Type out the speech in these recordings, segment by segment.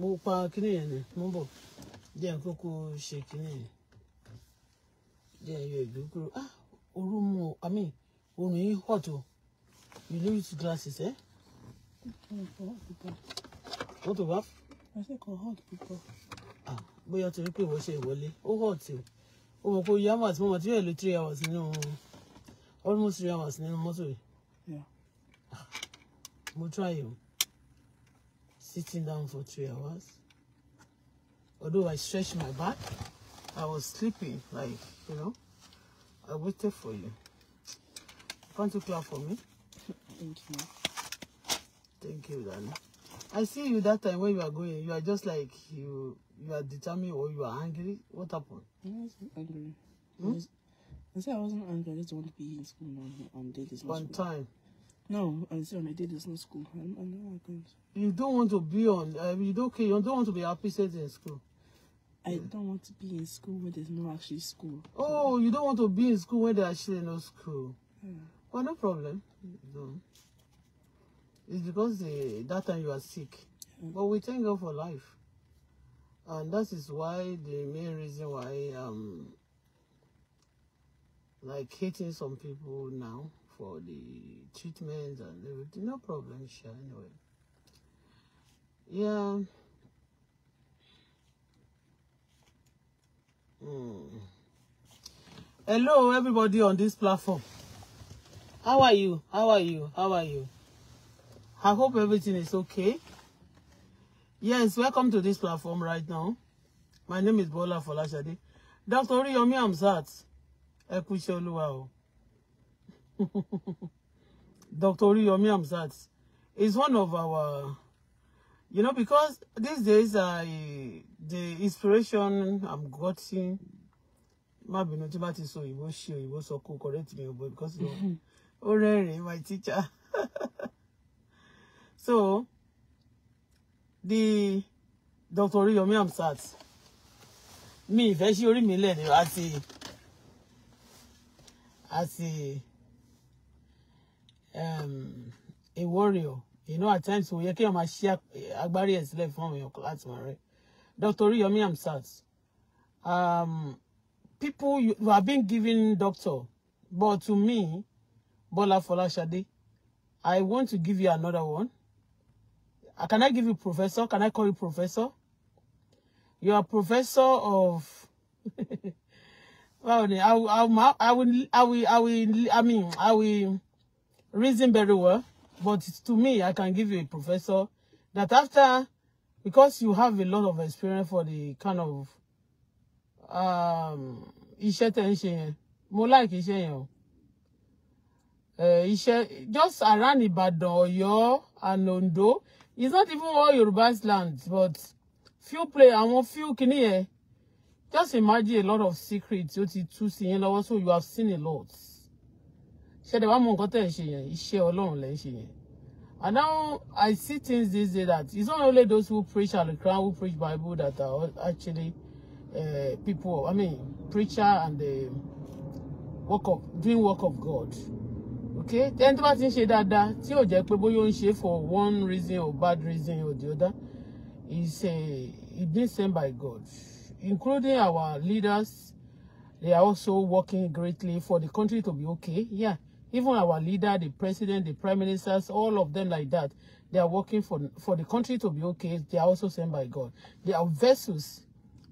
mo pa kíní yẹn ni mo bọ̀ díẹ̀ kókó ṣe kíní yẹn díẹ̀ yọ ìgbé kúrò ah òru mu o i mean òrùn yìí hot o you need to glasses ẹ. wọ́n tó bá. I say kò hot púpọ̀. Ah, bóyá torí pé ìwọ ṣe ìwọlé ó hot o ó mọ̀ pé yàmà àti mọ̀mọ́ tí yóò lo three hours nínú almost three hours nínú mọ́tò yìí. Ah, mo try o sitting down for three hours. Although I stretched my back, I was sleeping, like, you know. I waited for you. Can't you clap for me? Thank you. Thank you, darling. I see you that time when you are going, you are just like, you you are determined or you are angry. What happened? I wasn't angry. Hmm? I said I wasn't angry. I just want to be in school now and date this One time. No, I'm sorry, my dad school. I'm, I'm not going You don't want to be on, uh, you don't care, you don't want to be sitting in school. I don't want to be in school when there's no actually school. Oh, you don't want to be in school when there's actually no school. Yeah. Well, no problem. No. It's because the, that time you are sick. Yeah. But we thank God for life. And that is why the main reason why um like hating some people now for the treatment and everything. No problem, sure, anyway. Yeah. Mm. Hello, everybody on this platform. How are you? How are you? How are you? I hope everything is okay. Yes, welcome to this platform right now. My name is Bola Folashade. Dr. Oriyomi Amzat. Ẹ kú Dr. Yomi Amzat is one of our, you know, because these days I, the inspiration I'm getting, má bínú tí bá ti sọ ìwọ ṣe ìwọ sọ kó correct me ọbọ because you know, my teacher. so the Dr. Oriyomi Hamzat mi ìfẹ́ sí orí mi I see, I see um, a warrior you know at times ó yẹ kéèyàn máa ṣí agbárí ẹ̀ sílẹ̀ fún àwọn èèyàn láti máa rẹ̀ Dr. Oriyomi Hamzat um, people you, you have been giving doctor but to me Bola Folashade I want to give you another one can I give you professor can I call you professor you are professor of well I, I, I, I will I will I will I mean I will reason very well. But to me, I can give you a professor that after, because you have a lot of experience for the kind of um, iṣẹ́ tẹ́ ń like iṣẹ́ yẹn o. Eh, just around Ibadan, Oyo and Ondo, it's not even all Yoruba's land, but few play I want few kini. Just imagine a lot of secrets ó ti tú sí yín so you have seen a lot ṣẹlẹ̀ wá mú nǹkan tẹ̀ ṣe yẹn iṣẹ́ ọlọ́run lẹ́ ṣe yẹn and now I see things these days that it's not only those who preach al crown who preach Bible that are actually uh, people I mean preacher and the eh, work of doing work of God okay then tó bá ti ń ṣe dáadáa tí ò jẹ́ pé bóyá ó ń ṣe for one reason or bad reason or the other is uh, it been sent by God including our leaders they are also working greatly for the country to be okay yeah Even our leader, the president, the prime ministers, all of them like that, they are working for, for the country to be okay. They are also sent by God. They are vessels.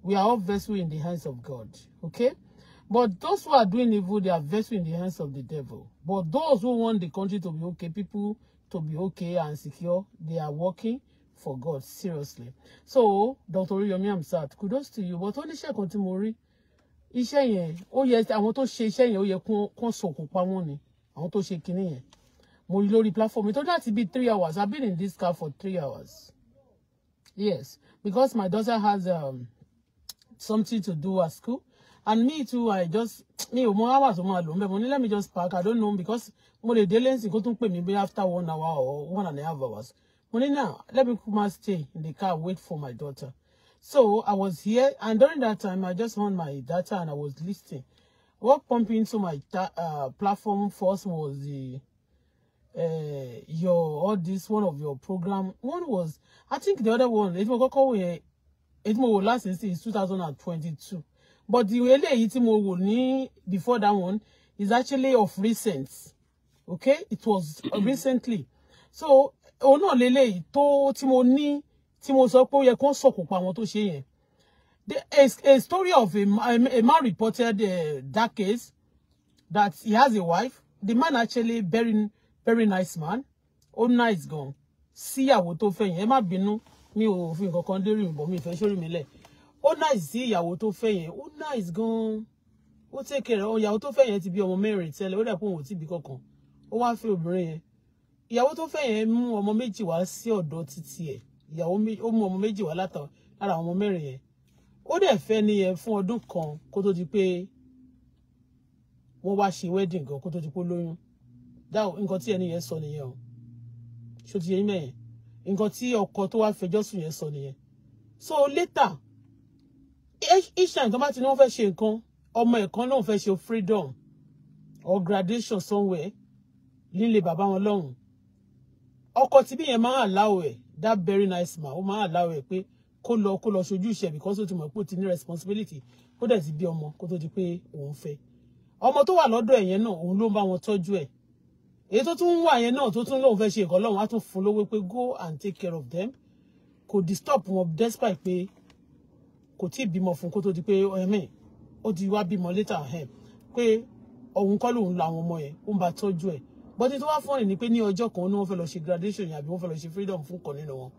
We are all vessels in the hands of God. Okay? But those who are doing evil, they are vessels in the hands of the devil. But those who want the country to be okay, people to be okay and secure, they are working for God, seriously. So, Dr. Yomi I'm sad. kudos to you. But only share tí mo rí, iṣẹ́ yẹn, ó yẹ àwọn tó ṣe iṣẹ́ yẹn, ó yẹ kán sọ̀kò pa wọ́n ni àwọn tó ṣe kinní yẹn mo rí lórí platform mi tó láti bí three hours I've been in this car for three hours yes because my daughter has um, something to do at school and me too i just mi ò mọ hours mo máa lò mo ní let me just park i don't know because mo lè délé nsìn kó tún pè mí bí after one hour or one and a half hours mo ní now let me kuma stay in the car wait for my daughter so i was here and during that time i just on my data and i was listening What pumped into my uh, platform first was the uh, your all this one of your program. One was I think the other one. It was last since 2022, but the eléyìí tí mo wò before that one is actually of recent. Okay, it was recently. So oh no lele to timo ni timo tí mo sọ pé ó yẹ kó sọ̀kò pa àwọn tó ṣe yẹn. There is a story of a, a man reported uh, that case that he has a wife. The man actually very very nice man. Oh nice gan. Síyàwó tó fẹ́ yẹn. Ẹ má bínú mi ò fi nǹkan kan deri bo mi fẹ́ sori mi le. Oh nice see ìyàwó tó fẹ́ yẹn. Oh nice gone. Ó take care Oh ìyàwó tó fẹ́ yẹn be a ọmọ mẹ́rin tẹ́lẹ̀. Ó dẹ̀ pé òun ò tí bí kankan. Ó wá fẹ́ obìnrin yẹn. Ìyàwó tó fẹ́ yẹn mú ọmọ méjì wá sí ọ̀dọ̀ títí ẹ̀. Ìyàwó ó mú ọmọ méjì wá ó dẹ̀ fẹ́ nìyẹn fún ọdún kan kó tó di pé wọ́n wá ṣe wedding gan kó tó di pé lóyún dáwọ nǹkan tí ẹni yẹn sọ nìyẹn o ṣó ti yẹ mẹyẹn nǹkan tí ọkọ tó wá fẹjọ́ sùn yẹn sọ nìyẹn so later each time tó bá ti ní wọ́n fẹ́ ṣe nǹkan ọmọ ẹ̀kan náà fẹ́ ṣe freedom or graduation somewhere nílé bàbá wọn lọ́hùn ọkọ tí bí yẹn máa ń àláwẹ̀ that very nice man ó máa ń àláwẹ̀ pé kó lọ kó lọ ṣojú iṣẹ́ because ó ti mọ̀ pé ó ti ní responsibility kó dẹ̀ ti bí ọmọ kó tó di pé òun fẹ́ ọmọ tó wà lọ́dọ̀ ẹ̀ yẹn náà òun ló ń bá wọn tọ́jú ẹ̀ èyí tó tún wà yẹn náà tó tún lóun fẹ́ ṣe ìkọ́ lọ́hùn á tún fún lówó pé go and take care of them kò disturb wọn despite pé kò tí ì bímọ fún kó tó di pé ẹ̀mí ó ti wá bímọ later ẹ̀ eh, pé òun kọ́ lòun la àwọn ọmọ yẹn ó ń bá tọ́jú ẹ̀ bọ́tí tó wá fún ọ̀rìn ni pé ní ọjọ́ kan ní wọ́n fẹ́ lọ ṣe graduation yẹn àbí wọ́n fẹ́ lọ ṣe freedom fún kan nínú wọn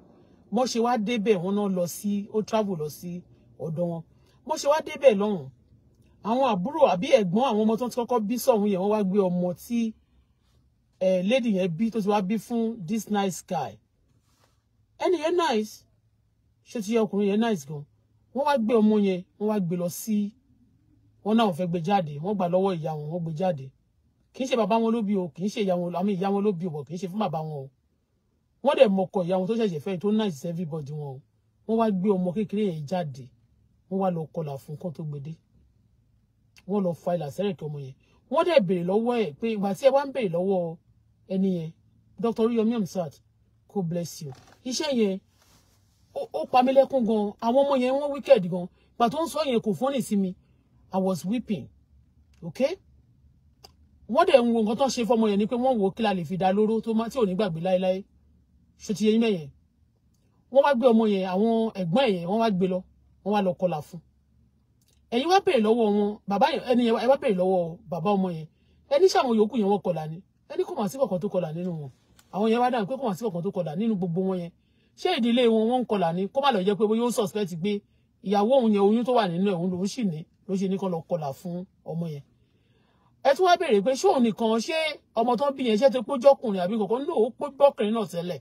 mo ṣe wá débẹ̀ wọn náà lọ sí ó travel lọ sí ọ̀dọ̀ wọn mo ṣe wá débẹ̀ lọ́hùn àwọn àbúrò àbí ẹ̀gbọ́n àwọn ọmọ tó ń kọ́kọ́ bí sọ̀hún yẹn wọ́n wá gbé ọmọ tí ẹ̀ lady yẹn bí tó ti wá bí fún this nice guy ẹni yẹn nice ṣé ti yẹ ọkùnrin yẹn nice gan wọ́n wá gbé ọmọ yẹn wọ́n wá gbé lọ sí wọn náà fẹ́ gbé jáde wọ́n gbà lọ́wọ́ ìyá wọn wọ́n gbé jáde kì í ṣe bàbá wọn ló bí o kì í ṣe ìyá wọn àmì ló bí o bọ̀ kì í ṣe fún bàbá wọn o wọ́n dẹ̀ mọkọ ìyá wọn tó ṣẹ̀ṣẹ̀ fẹ́ tó náà ṣiṣẹ́ everybody wọn o wọ́n wá gbé ọmọ kékeré yẹn jáde wọ́n wá lọ kọlà fún kán tó gbede wọ́n lọ fa ìlà sẹ́rẹ̀kẹ́ ọmọ yẹn wọ́n dẹ̀ béèrè lọ́wọ́ ẹ̀ pé ìgbà tí ẹ wá ń béèrè lọ́wọ́ ẹni yẹn Dr. Oriyomi Hamzat God bless you iṣẹ́ yẹn ó pa mí lẹ́kún gan àwọn ọmọ yẹn wọ́n wicked gan ìgbà tó ń sọ yẹn kò fọ́nì sí mi I was weeping okay wọ́n dẹ̀ ń wo nǹkan tó ń ṣe fọmọ yẹn ni pé wọ́n wò ó kí la lè fi dá lóró tó má tí ò ní gbàgbé láéláé ṣe ti yẹyin mẹyẹ wọ́n wá gbé ọmọ yẹn àwọn ẹ̀gbọ́n yẹn wọ́n wá gbé lọ wọ́n wá lọ kọlà fún ẹ̀yin wá bèrè lọ́wọ́ wọn bàbá yẹn ẹni yẹn wá bèrè lọ́wọ́ bàbá ọmọ yẹn ẹni sàwọn yòókù yẹn wọ́n kọlà ni ẹni kò mà sí kankan tó kọlà nínú wọn àwọn yẹn wá dáhùn pé kò mà sí kankan tó kọlà nínú gbogbo wọn yẹn ṣé ìdílé wọn wọ́n ń kọlà ni kó má lọ jẹ́ pé bóyá ó ń suspect gbé ìyàwó òun yẹn oyún tó wà nínú ẹ̀ òun lòún sì ní ló ṣe ní kó lọ kọlà fún ọmọ yẹn ẹ tún wá bèrè pé ṣé òun nìkan ṣé ọmọ tó ń bí yẹn ṣé tó pójọkùnrin àbí kankan lóò ó pójọkùnrin náà tẹ́lẹ̀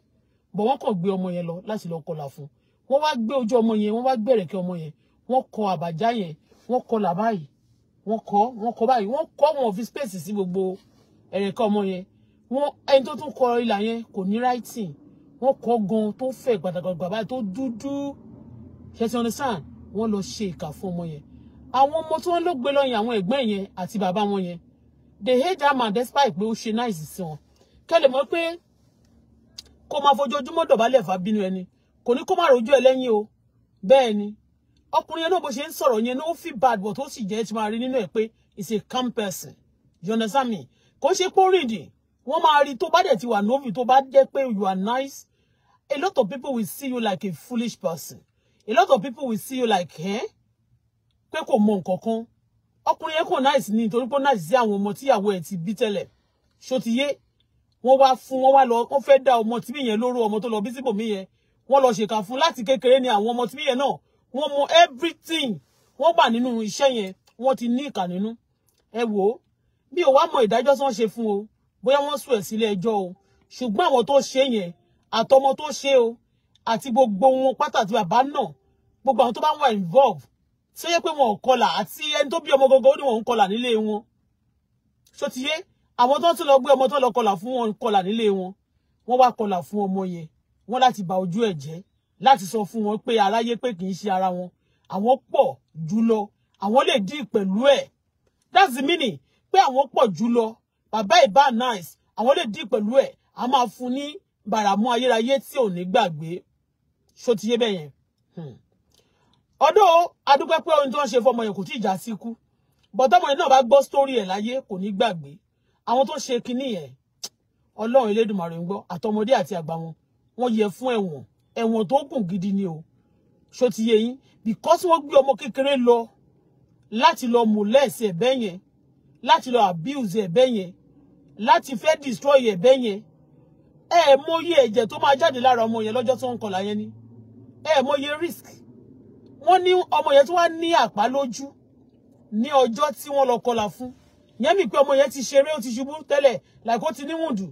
bọ̀ wọ́n kàn gbé ọmọ yẹn lọ láti lọ kọlà fún wọ́n wá gbé ojú ọmọ yẹn wọ́n wá gbé ẹ̀rẹ̀kẹ́ ọmọ yẹn wọ́n kọ àbàjá yẹn wọ́n kọ là báyìí wọ́n kọ wọ́n kọ báyìí wọ́n kọ wọn fi space sí gbogbo ẹ̀rẹ̀kẹ́ ọmọ yẹn wọ́n ẹni tó tún kọ ilà yẹn kò ní writing wọ́n kọ gan tó fẹ̀ gbàdàgbàgbà báyìí tó dúdú ṣẹtí understand wọ́n lọ ṣe ìkà fún ọmọ yẹn àwọn ọmọ tí wọ́n ló gbé lọ́yìn àwọn ẹ̀gbọ́n yẹn àti bàbá wọn yẹn they hate that man despite pé ó ṣe nice sí wọn kẹlẹ̀ mọ́ pé kó máa fojoojúmọ́ Do fà bínú ẹni kò ní kó má rojú ẹ lẹ́yìn o bẹ́ẹ̀ ni ọkùnrin yẹn náà bó ṣe ń sọ̀rọ̀ yẹn náà feel bad but ó sì jẹ́ ti máa rí nínú ẹ̀ pé is a calm person you understand me kò ṣe pé ó rìndìn wọ́n máa rí tó bá dẹ̀ ti wà novi tó bá jẹ́ pé you are nice a lot of people will see you like a foolish person a lot of people will see you like eh? pé kò mọ nǹkan kan ọkùnrin yẹn kò nice ni nítorí pé ó nice sí àwọn ọmọ tíyàwó ẹ̀ ti bí tẹ́lẹ̀ ṣó ti yé wọ́n wá fún wọ́n wá lọ wọ́n fẹ́ da ọmọ mi yẹn lóró ọmọ tó lọ bí síbòmí yẹn wọ́n lọ ṣèkà fún láti kékeré ni àwọn ọmọ tìmí yẹn náà wọ́n mọ everything wọ́n gbà nínú iṣẹ́ yẹn wọ́n ti ní ìkà nínú ẹ wò ó bí o wá mọ ìdájọ́ tí wọ́n ṣe fún o bóyá wọ́n sùn ẹ̀ sílé ẹjọ́ o ṣùgbọ́n àwọn tó ṣe yẹn àtọmọ tó ṣe o àti gbogbo wọn pátá àti bàbá náà gbogbo àwọn tó bá wà involve ṣé yẹ pé wọn ò kọlà àti ẹni tó bí ọmọ gógó ó ní wọn ò ń kọlà nílé wọn ṣó ti yé àwọn tó ti lọ gbé ọmọ tó lọ kọlà fún wọn kọlà nílé wọn wọ́n wá kọlà fún ọmọ yẹn wọ́n láti bà ojú ẹ̀ jẹ́ láti sọ fún wọn pé aráyé pé kì í ṣe ara wọn àwọn pọ̀ jùlọ àwọn lè dí pẹ̀lú ẹ̀ that's the meaning pé àwọn pọ̀ jùlọ bàbá ìbá nice àwọn lè dí pẹ̀lú ẹ̀ a máa fún ní bàràmú ayérayé tí ò ní gbàgbé ṣó ti yé bẹ́ẹ̀ yẹn ọdọ́ hmm. adúpẹ́ pé ohun tó ń ṣe fọmọ yẹn kò tí ì já síkú bọ̀tọ́mọ yẹn náà bá gbọ́ sítórì ẹ̀ láyé kò ní gbàgbé àwọn tó ṣe kinní yẹn ọlọ́run elédùnmarè ń gbọ́ àtọmọdé àti àgbà wọn wọ́n yẹ fún ẹ̀wọ̀n ẹ̀wọ̀n tó gùn gidi ni o ṣó ti yé yín because wọ́n gbé ọmọ kékeré lọ láti lọ molest ẹ̀bẹ́ yẹn láti lọ abuse ẹ̀bẹ́ yẹn láti fẹ́ destroy ẹ̀bẹ́ yẹn ẹ ẹ mọyé ẹ̀jẹ̀ tó máa jáde lára ọmọ yẹn lọ́jọ́ tó ń kọlà yẹn ni ẹ ẹ mọyé risk wọ́n ní ọmọ yẹn tó wá ní àpá lójú ní ọjọ́ tí wọ́n lọ kọlà fún yẹn mi pé ọmọ yẹn ti ṣeré ó ti ṣubú tẹ́lẹ̀ like ó ti ní wùndù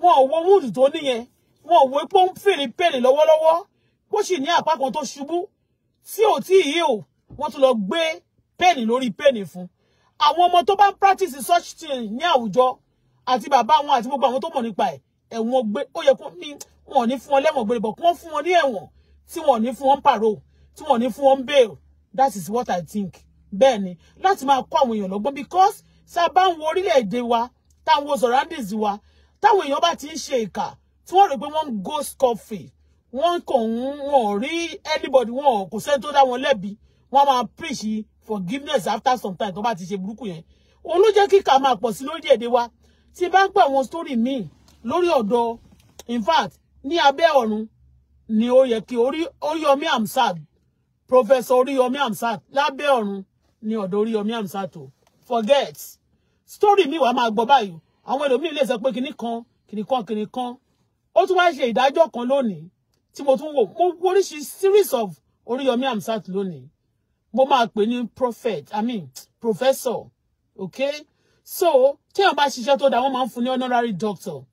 wọn ò wo wùndù tó níyẹn wọn ò wo pé ń fèrè pèrè lọ́wọ́lọ́wọ́ bó sì ní àpá kan tó ṣubú tí ò tí ì o wọ́n tún lọ gbé pẹ́ẹ̀nì lórí pẹ́ẹ̀nì fún àwọn ọmọ tó bá ń practice such thing ní àwùjọ àti bàbá wọn àti gbogbo àwọn tó mọ̀ nípa ẹ̀ ẹ̀wọ̀n gbé ó yẹ kó ní wọn ní fún wọn lẹ́wọ̀n gbére bọ̀ kí wọ́n fún wọn ní ẹ̀wọ̀n tí wọn ní fún wọn pàrọ̀ tí wọn ní fún wọn bail that is what I think bẹ́ẹ̀ ni láti máa kọ́ àwọn èèyàn lọ́gbọ́n because sábà ń wo orílẹ̀-èdè wa táwọn surroundings wa táwọn èèyàn bá ti ń ṣe ìkà tí wọ́n rò pé wọ́n ń go scot-free wọ́n kàn ń wọ́n rí anybody wọ́n ò kò sẹ́ni tó dá wọn lẹ́bi wọ́n máa preach forgiveness after some time tó bá ti ṣe burúkú yẹn òun ló jẹ́ kíkà máa pọ̀ sí lórílẹ̀-èdè wa tí bá ń pè àwọn story míì lórí ọ̀dọ̀ in fact ní abẹ́ ọ̀run ni ó yẹ kí Oríyọmí Hamzat professor Oríyọmí Hamzat lábẹ́ ọ̀run ni ọ̀dọ̀ Oríyọmí Hamzat tó forget story mi wàá máa gbọ́ báyìí àwọn ẹlòmíì lè sọ pé kinní kan kinní kan kinní kan ó tún wáá ṣe ìdájọ́ kan lónìí tí mo tún wò mo oríṣi series of Oríyọmí Hamzat lónìí mo máa pè ní prophet i mean professor okay so téèyàn bá ṣiṣẹ́ tó dáa wọ́n máa ń fún ní honorary doctor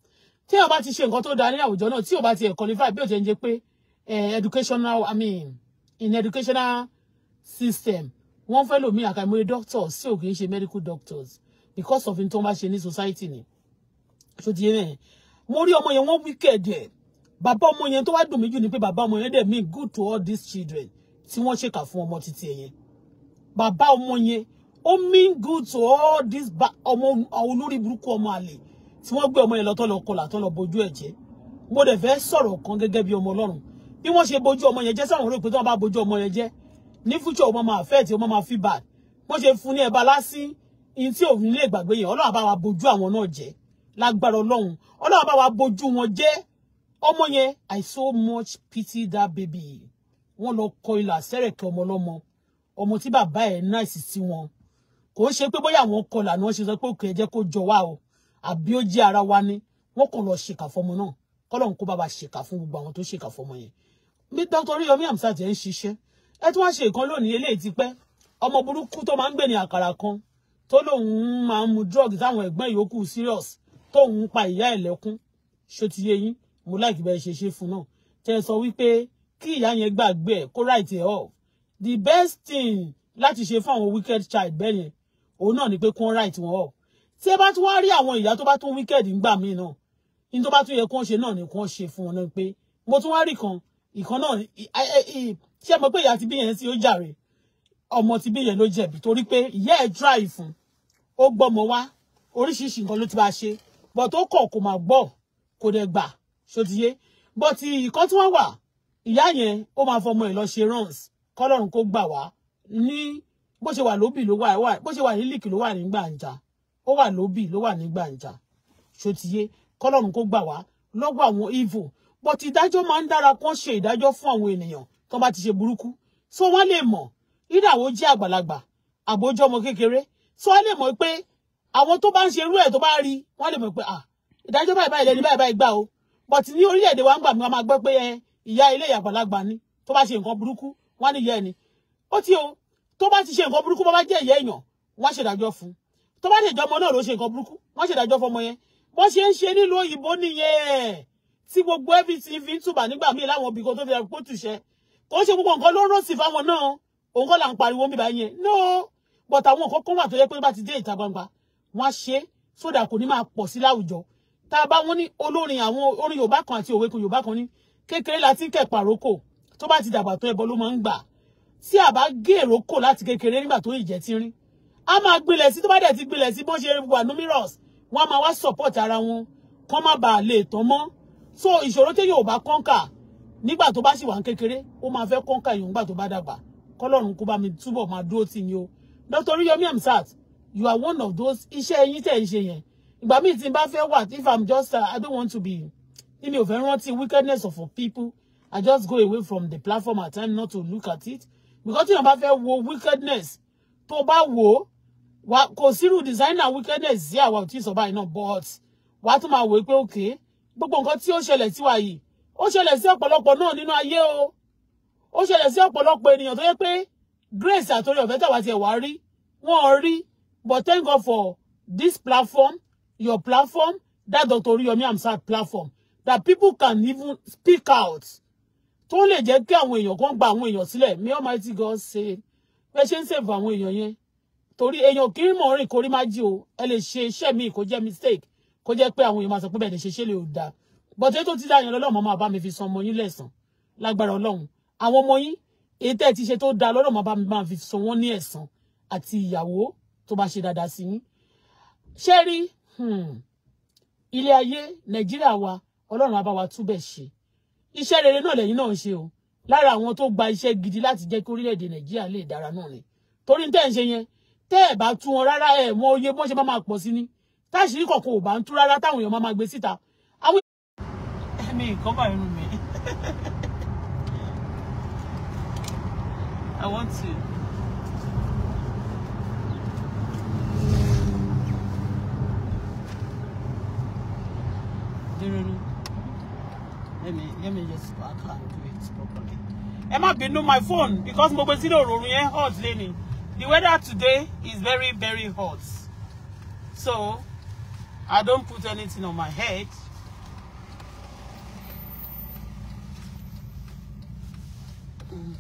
téèyàn bá ti ṣe nǹkan tó dáa ní àwùjọ náà tí ò bá ti ẹ̀ qualify bí ò jẹ́ ń jẹ́ pé educational i mean in educational system wọ́n fellow lòmí àkàìmọye doctors tí ò kì í ṣe medical doctors because of nǹkan tó ń bá society ni so ti yé yẹn mo rí ọmọ yẹn wọ́n wicked ẹ̀ Baba omo yẹn tó wá dùn mí jù ni pe baba omo yẹn dẹ̀ mean good to all these children tí wọ́n ṣèkà fún ọmọ títí ẹ̀yẹn bàbá ọmọ yẹn ó mean good to all these ọmọ olórí burúkú ọmọ àlè tí wọ́n gbé ọmọ yẹn lọ́tọ́ lọ kọlà tó lọ bojú ẹ̀ jẹ́ mo de fẹ́ soro kan gẹ́gẹ́ bí ọmọ ọlọ́run bí wọ́n ṣe bojú ọmọ yẹn jẹ́ sáwọn olóòpẹ́ tí wọ́n bá bojú ọmọ yẹn jẹ́ ní future ma máa fẹ́ tí ọmọ máa fi bad wọ́n ṣe fún ní ẹ̀bá lásì in tí òun lè gbàgbé yẹn ọlọ́run bá wa bojú àwọn náà jẹ́ lágbára ọlọ́run ọlọ́run bá wa bojú wọn jẹ́ ọmọ yẹn i so much pity that baby wọ́n lọ kọ ilà sẹ́rẹ̀kẹ́ ọmọ ọlọ́mọ ọmọ tí bàbá ẹ̀ náìsì sí wọn kò ń ṣe pé bóyá àwọn kọ lànà ṣe sọ pé òkè ẹ jẹ́ kó jọ wá o àbí ó jẹ́ ara wa ni wọ́n kàn lọ ṣèkà fọmọ náà kọ́lọ́run kó bá wa ṣèkà fún gbogbo àwọn tó ṣèkà fọmọ yẹn mi dr yomi amsat ẹ ń ṣiṣẹ́ ẹ tún wá ṣe nǹkan lónìí eléyìí ti pẹ́ ọmọ burúkú tó máa ń gbé ní àkàrà kan tó lóun máa ń mu drug táwọn ẹ̀gbọ́n yòókù serious tóun pa ìyá ẹ̀ lẹ́kún ṣó ti yé yín mo láì bẹ́ẹ̀ ṣe ṣe fún náà tẹ́ ẹ sọ wípé kí ìyá yẹn gbàgbé ẹ̀ kó right ẹ̀ off the best thing láti ṣe fún àwọn wicked child bẹ́ẹ̀ yẹn òun náà ni pé kó right wọn off tí ẹ bá tún wá rí àwọn ìyá tó bá tún wicked ńgbà míì náà ní tó bá tún yẹ kó ṣe náà ni kó ṣe fún wọn náà pé mo tún wá rí kan ìkan náà ṣé mo pé ìyá ti bí yẹn sí ó jàre ọmọ ti bí yẹn ló jẹ̀bi torí pé ìyá ẹ̀ dry fún un ó gbọ́mọ wá oríṣiríṣi nǹkan ló ti bá ṣe bọ̀ tó kọ̀ kò máa gbọ́ kò dẹ̀ gbà ṣòtìyé bọ̀ ti ìkan tí wọ́n wà ìyá yẹn ó máa fọmọ ẹ̀ lọ ṣe runs kọ́lọ́run kó gbà wá ní bó ṣe wà lóbì ló wà bó ṣe wà ní líìkì ló wà ní gbàǹjà ó wà lóbì ló wà ní gbàǹjà ṣòtìyé kọ́lọ́run kó gbà wá lọ́gbọ̀ àwọn evil bọ̀ ti ìdájọ́ máa ń dára kán ṣe ìdájọ́ fún àwọn ènìyàn tó bá ti ṣe burúkú so wọ́n lè mọ̀ ìdàwó jẹ́ àgbàlagbà àbójọ́mọ kékeré so wọ́n lè mọ̀ pé àwọn tó bá ń ṣerú ẹ̀ tó bá rí wọ́n lè mọ̀ pé à ah, ìdájọ́ báyìí báyìí lẹni báyìí báyìí gbà o but ní orílẹ̀-èdè wa ń gbà mí wọ́n máa gbọ́ pé eh, ìyá ilé ìyàgbàlagbà ni tó bá ṣe nǹkan burúkú wọ́n ní ìyá ẹni ó ti o tó bá ti ṣe nǹkan burúkú bá bá jẹ́ ìyá èèyàn wọ́n ṣèdájọ́ fún tó bá dẹ̀jọ́ ọmọ náà ló ṣe nǹkan burúkú wọ́n ṣèdájọ́ fọmọ yẹn bó ṣe ń ṣe nílùú òyìnbó nìyẹn tí gbogbo everything fi ń túbà nígbà míì láwọn òbí kan tó fi ẹ̀kọ́ tùṣẹ́ kò ń ṣe gbogbo nǹkan ló ń rò sí fáwọn náà òun kọ́ là ń pariwo bíbá yẹn no but àwọn nǹkan kan wà tó yẹ pé bá ti dé ìta gbangba wọ́n á ṣe sódà kò ní máa pọ̀ sí láwùjọ tá a bá wọ́n ní olórin àwọn orin yorùbá kan àti òwe kan yorùbá kan ní kékeré la ti ń to rókò tó bá ti dàgbà tó ẹbọ ló máa ń gbà tí a bá gé ìrókò láti kékeré nígbà tó ìjẹ́ ti rín a máa gbilẹ̀ sí to bá dẹ̀ ti gbilẹ̀ sí bó ṣe wà numerous wọ́n máa wá support ara wọn kán má bàa lè tán mọ́ so ìṣòro tí yorùbá kọ́ńkà nígbà to bá sì wà ń kékeré ó máa fẹ́ kọ́ńkà yorùbá tó bá dàgbà kọ́lọ́run kó bá mi túbọ̀ máa dúró tì yín o Dr. Yomi Amsat, you are one of those iṣẹ́ yín tẹ̀ ń ṣe But me míì in bad fair. What if I'm just uh, I don't want to be in ò fẹ́ wickedness of people. I just go away from the platform at time not to look at it. Because in n bá fẹ́ wo wickedness tó bá wò ó kò sírù designer wickedness sí àwa ò tí ì but wàá tún máa wò ó pé okay gbogbo nǹkan tí ó ṣẹlẹ̀ sí wa yìí ó ṣẹlẹ̀ sí ọ̀pọ̀lọpọ̀ náà nínú ayé o ó ṣẹlẹ̀ sí ọ̀pọ̀lọpọ̀ ènìyàn tó yẹ pé grace àtòrí ọ̀fẹ́ tàwa tiẹ̀ wá rí worry, rí but thank God for this platform your platform that Dr. Yomi Hamzat platform that people can even speak out tó lè jẹ́ kí àwọn èèyàn kan gba àwọn èèyàn sílẹ̀ may almighty God say, bẹ́ẹ̀ ṣe ń sèfù àwọn èèyàn yẹn torí èèyàn kì í mọ̀ rìn kórí má jí o ẹ lè ṣe iṣẹ́ mi kó jẹ́ mistake kó jẹ́ pé àwọn èèyàn máa sọ pé bẹ́ẹ̀ lè ṣe ṣe lè ò But bọ́tẹ́ tó ti dáyẹn lọ́lọ́mọ máa bá mi fi san ọmọ yín lẹ́sàn lágbára ọlọ́run àwọn ọmọ yín èyí tẹ́ ẹ ti ṣe tó dáa lọ́nà máa bá mi máa fi san wọ́n ní ẹ̀san àti ìyàwó tó bá ṣe dáadáa sí yín ṣé rí hmm. ilé ayé nàìjíríà wa ọlọ́run á bá wa túbẹ̀ ṣe iṣẹ́ rere náà lẹ́yìn náà ṣe o lára àwọn tó gba iṣẹ́ gidi láti jẹ́ kí orílẹ̀-èdè nàìjíríà lè dára náà ni torí tẹ́ ẹ̀ ń ṣe yẹn tẹ́ ẹ̀ bá tú wọn rárá ẹ̀ mọ iye bọ́n ṣe máa pọ̀ sí ni táṣìírí kọ̀ọ̀kan ò bá ń tú rárá táwọn èèyàn máa gbé síta. àwọn nǹkan bá irun mi. I want to. Dirunu. Let me let me just I can't do it properly. Emma, má on my phone because mo gbé hot Lenny, The weather today is very very hot. So I don't put anything on my head. Mm.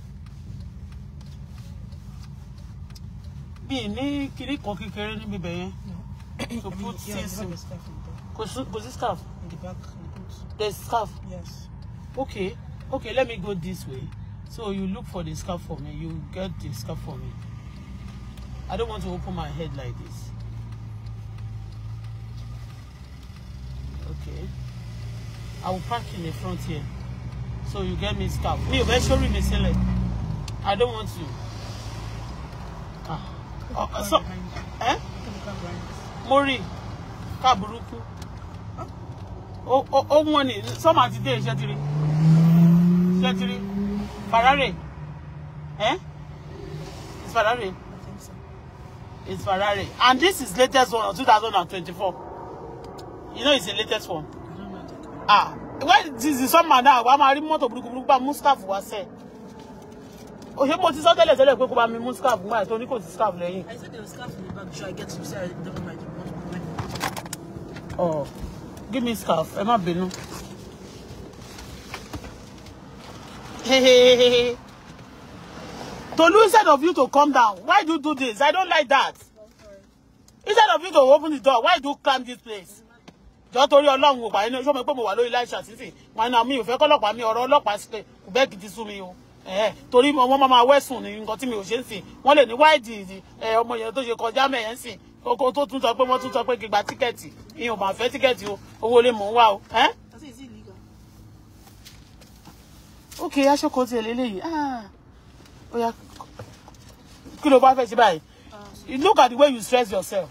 mi ní kiri kan kékeré níbi bẹ̀ yẹn to put things in kò sí scarf in the back the scarf yes okay okay let me go this way so you look for the scarf for me you get the scarf for me I don't want to open my head like this okay I will park in the front here so you get me scarf Me eventually, fẹ́ sórí mi I don't want you. Ah, so, eh? mo rí káàbùrúkú ó wọ́n ní sọ́mà àti dé iṣẹ́ tiri iṣẹ́ tiri Ferrari eh? it's Ferrari it's Ferrari and this is latest one two thousand and twenty-four you know it's the latest one ah well, this is sọ́mà náà wàá máa rí mọ́tò burúkú burúkú bá Mustapha wá sẹ́ẹ̀. Oh, ṣe mo ti sọ tẹ́lẹ̀ tẹ́lẹ̀ pé kó bá mi mú scarf nígbà tó ní kò sí scarf lẹ́yìn. I said there was scarf in the bag so I get to say I don't mind Oh, give me scarf ẹ má bínú. Tolu instead of you to come down why do you do this I don't like that. Instead of you to open the door why do you climb this place. jọ torí Ọlọ́run ò pàdé ní ojú ọmọ me mo wà lórí láìsàn sísìn wọn ni àmì ìfẹ́ kọ́lọ́pàá mi ọ̀rọ̀ ọlọ́pàá sílẹ̀ kò bẹ́ẹ̀ kìí ti sú mi o. Eh, torí wọ́n máa wẹ̀sùn ní nǹkan tí mi ò ṣe ń sìn wọ́n lè ní wáìdì eh, ọmọ yẹn tó ṣe kọjá mẹ́yẹn sìn kókó tó tún sọ pé wọ́n tún sọ pé gbígba tíkẹ́ẹ̀tì ìyẹn ò máa fẹ́ tíkẹ́ẹ̀tì o owó lè mọ̀ ń wá o. Eh? ok aṣọ kan tiẹ̀ lélẹ́yìí oya ah! kí ló bá fẹ́ ṣe báyìí you um, look at the way you stress yourself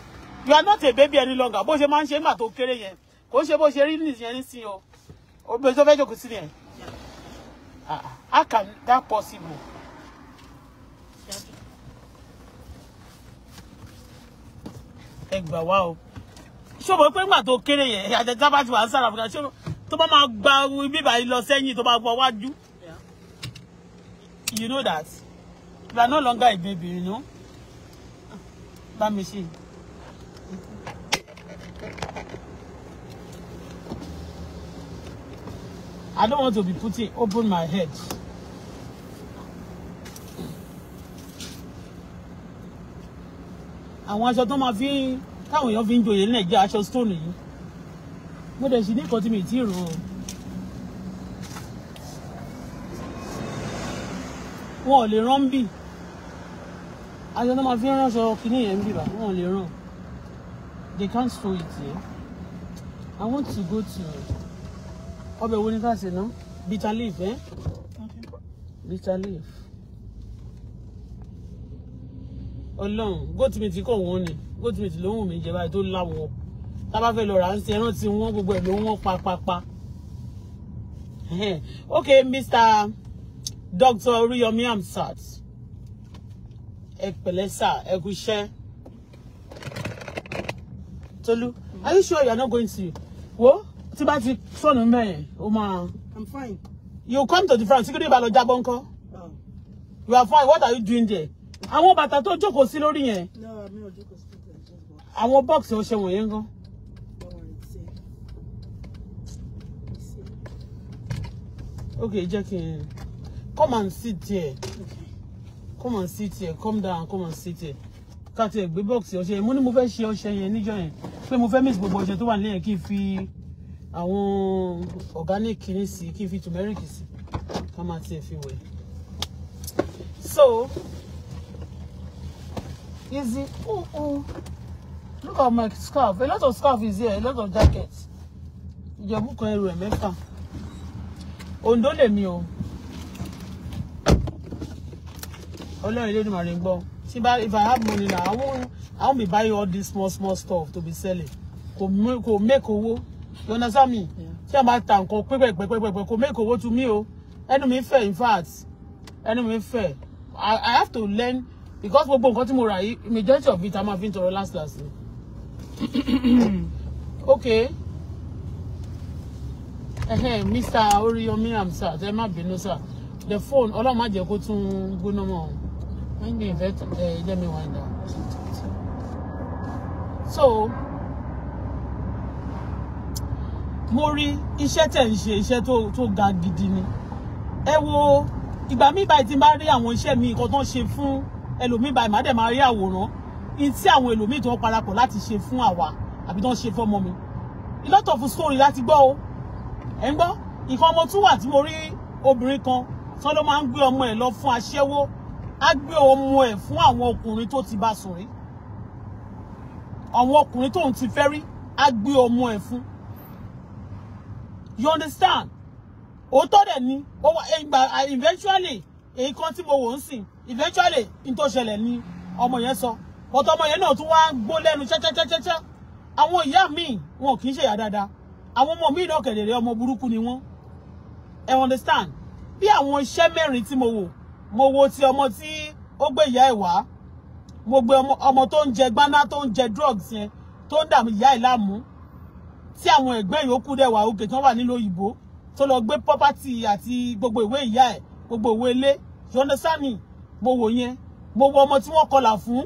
you are not a baby any longer bó ṣe máa ń ṣe nígbà tó kéré yẹn kò ń ṣe bó ṣe rí nìyẹn nísìnyí o obìnrin tó fẹ́ jókòó sí Uh, how can that possible? Egba wow! wá o. Ṣé o mọ̀ pé nígbà tó kéré yẹn, àjẹjá bá ti wà ní South Africa, ṣé tó bá máa gba bíbà yìí lọ sẹ́yìn You know that. You are no longer a baby, you know? Bá mi ṣe. I don't want to be putting open my head. Àwọn aṣọ tó máa fi ń táwọn èèyàn fi ń joyè ní Nàìjíríà aṣọ stone yìí. Mo dẹ̀ sì ní nǹkan tí mi ti rò ó. Wọn ò lè rán bì. Aṣọ tó máa fi ń ránṣọ kìíní yẹn ń bì bá wọn ò lè rán. They can't sew it here. I want to go to ọbẹ̀ wo ni ká ṣe ná bitter leaf ẹ́ eh? bitter leaf ọlọ́run goatmeat kò wọ́n ni goatmeat ló wù mí jẹ báyìí tó láwọ̀ tá bá fẹ́ lọ rà ń ṣe ẹran tí wọ́n gbogbo ẹ̀ ló wọ́n papapa ok mr doctor oríyọmí amsat ẹ pẹ̀lẹ́ sà ẹ kú iṣẹ́ tolu are you sure you are not going to wo tí bá ti fóònù ń bẹ̀ yẹn i'm fine. you come to the front You go lọ jábọ́ ńkọ́. Oh. you are fine what are you doing there. I I want but àwọn bàtà tó jókòó sí lórí yẹn. àwọn bọ́ọ̀sì ọṣẹ wọ̀nyẹn gan. okay jẹ́ Okay, Jackie. come and sit here. Okay. come and sit here come down come and sit here Cut it. gbé bọ́ọ̀sì ọṣẹ yẹn mo ní mo fẹ́ ṣe ọṣẹ yẹn níjọ́ yẹn pé mo fẹ́ mix gbogbo ọṣẹ tó wà nílẹ̀ àwọn organic kìíní sí kí n fi turmeric sí ká máa tiẹ̀ fi wẹ̀ so easy oh oh look at my scarf a lot of scarf is here a lot of jackets ìjẹ̀bú kan ẹrù ẹ̀ mẹ́fà Ondo lèmi o ọlọ́run ilé ìdùnmọ̀ rẹ̀ ń gbọ́ tí bá if I have money na I won't I won't be buying all this small small stuff to be selling kò make owó you understand me tí a máa ta nǹkan pẹ́pẹ́pẹ́pẹ́pẹ́ kò make owó to me. o ẹnu mi fẹ́ in fact ẹnu mi fẹ́ i i have to learn because gbogbo nǹkan tí mo rà yìí majority of it a máa fi ń tọrọ last last ni okay ẹhẹn mr Oriyomi Hamzat ẹ má bínú sir the phone ọlọ́run má jẹ́ kó tún gbóná mọ́ ọ́n ẹ̀ ń gbìyànjú ẹ̀ ẹ̀ mi wá ń dà so mo rí iṣẹ́ tẹ̀ ń ṣe iṣẹ́ tó tó ga gidi ni ẹ wo ìgbà míì báyìí tí n bá rí àwọn iṣẹ́ mi nǹkan tó ń ṣe fún ẹlòmíì báyìí màá dẹ̀ máa rí àwòrán in tí àwọn ẹlòmíì tó ń parapọ̀ láti ṣe fún àwa àbí tó ń ṣe fọ́mọ mi a lot of story láti gbọ́ o ẹ̀ ń gbọ́ nǹkan ọmọ tún wà tí mo rí obìnrin kan tán ló máa ń gbé ọmọ ẹ̀ lọ fún aṣẹ́wó á gbé ọmọ ẹ̀ fún àwọn ọkùnrin tó ti bá sùn àwọn ọkùnrin tóun ti fẹ́ rí á gbé ọmọ ẹ̀ fún you understand òótọ́ dẹ̀ ni eh, ah, eventually èyí kan tí mo wo ń eventually n tó ṣẹlẹ̀ ni ọmọ yẹn sọ ọ̀tọ̀ ọmọ yẹn náà tún wá cha cha cha. àwọn ìyá míì wọn kì í ya dada. àwọn ọmọ míì náà kẹ̀lẹ̀rẹ̀ ọmọ burúkú ni wọ́n ẹ understand bí àwọn iṣẹ́ mẹ́rin tí mo wo. mo wo ti omo ti ó gbé ìyá ẹ̀ wá mo gbé omo tó ń jẹ gbaná tó ń drugs yẹn tó ń dààmú ìyá ẹ̀ láàmú tí àwọn ẹ̀gbẹ́ ìyókù dẹ̀ wà òkè tí wọ́n wà nílò òyìnbó tó lọ gbé property àti gbogbo ìwé ìyá ẹ̀ gbogbo ìwé ilé you understand me mo wò yẹn mo wo ọmọ tí wọ́n kọlà fún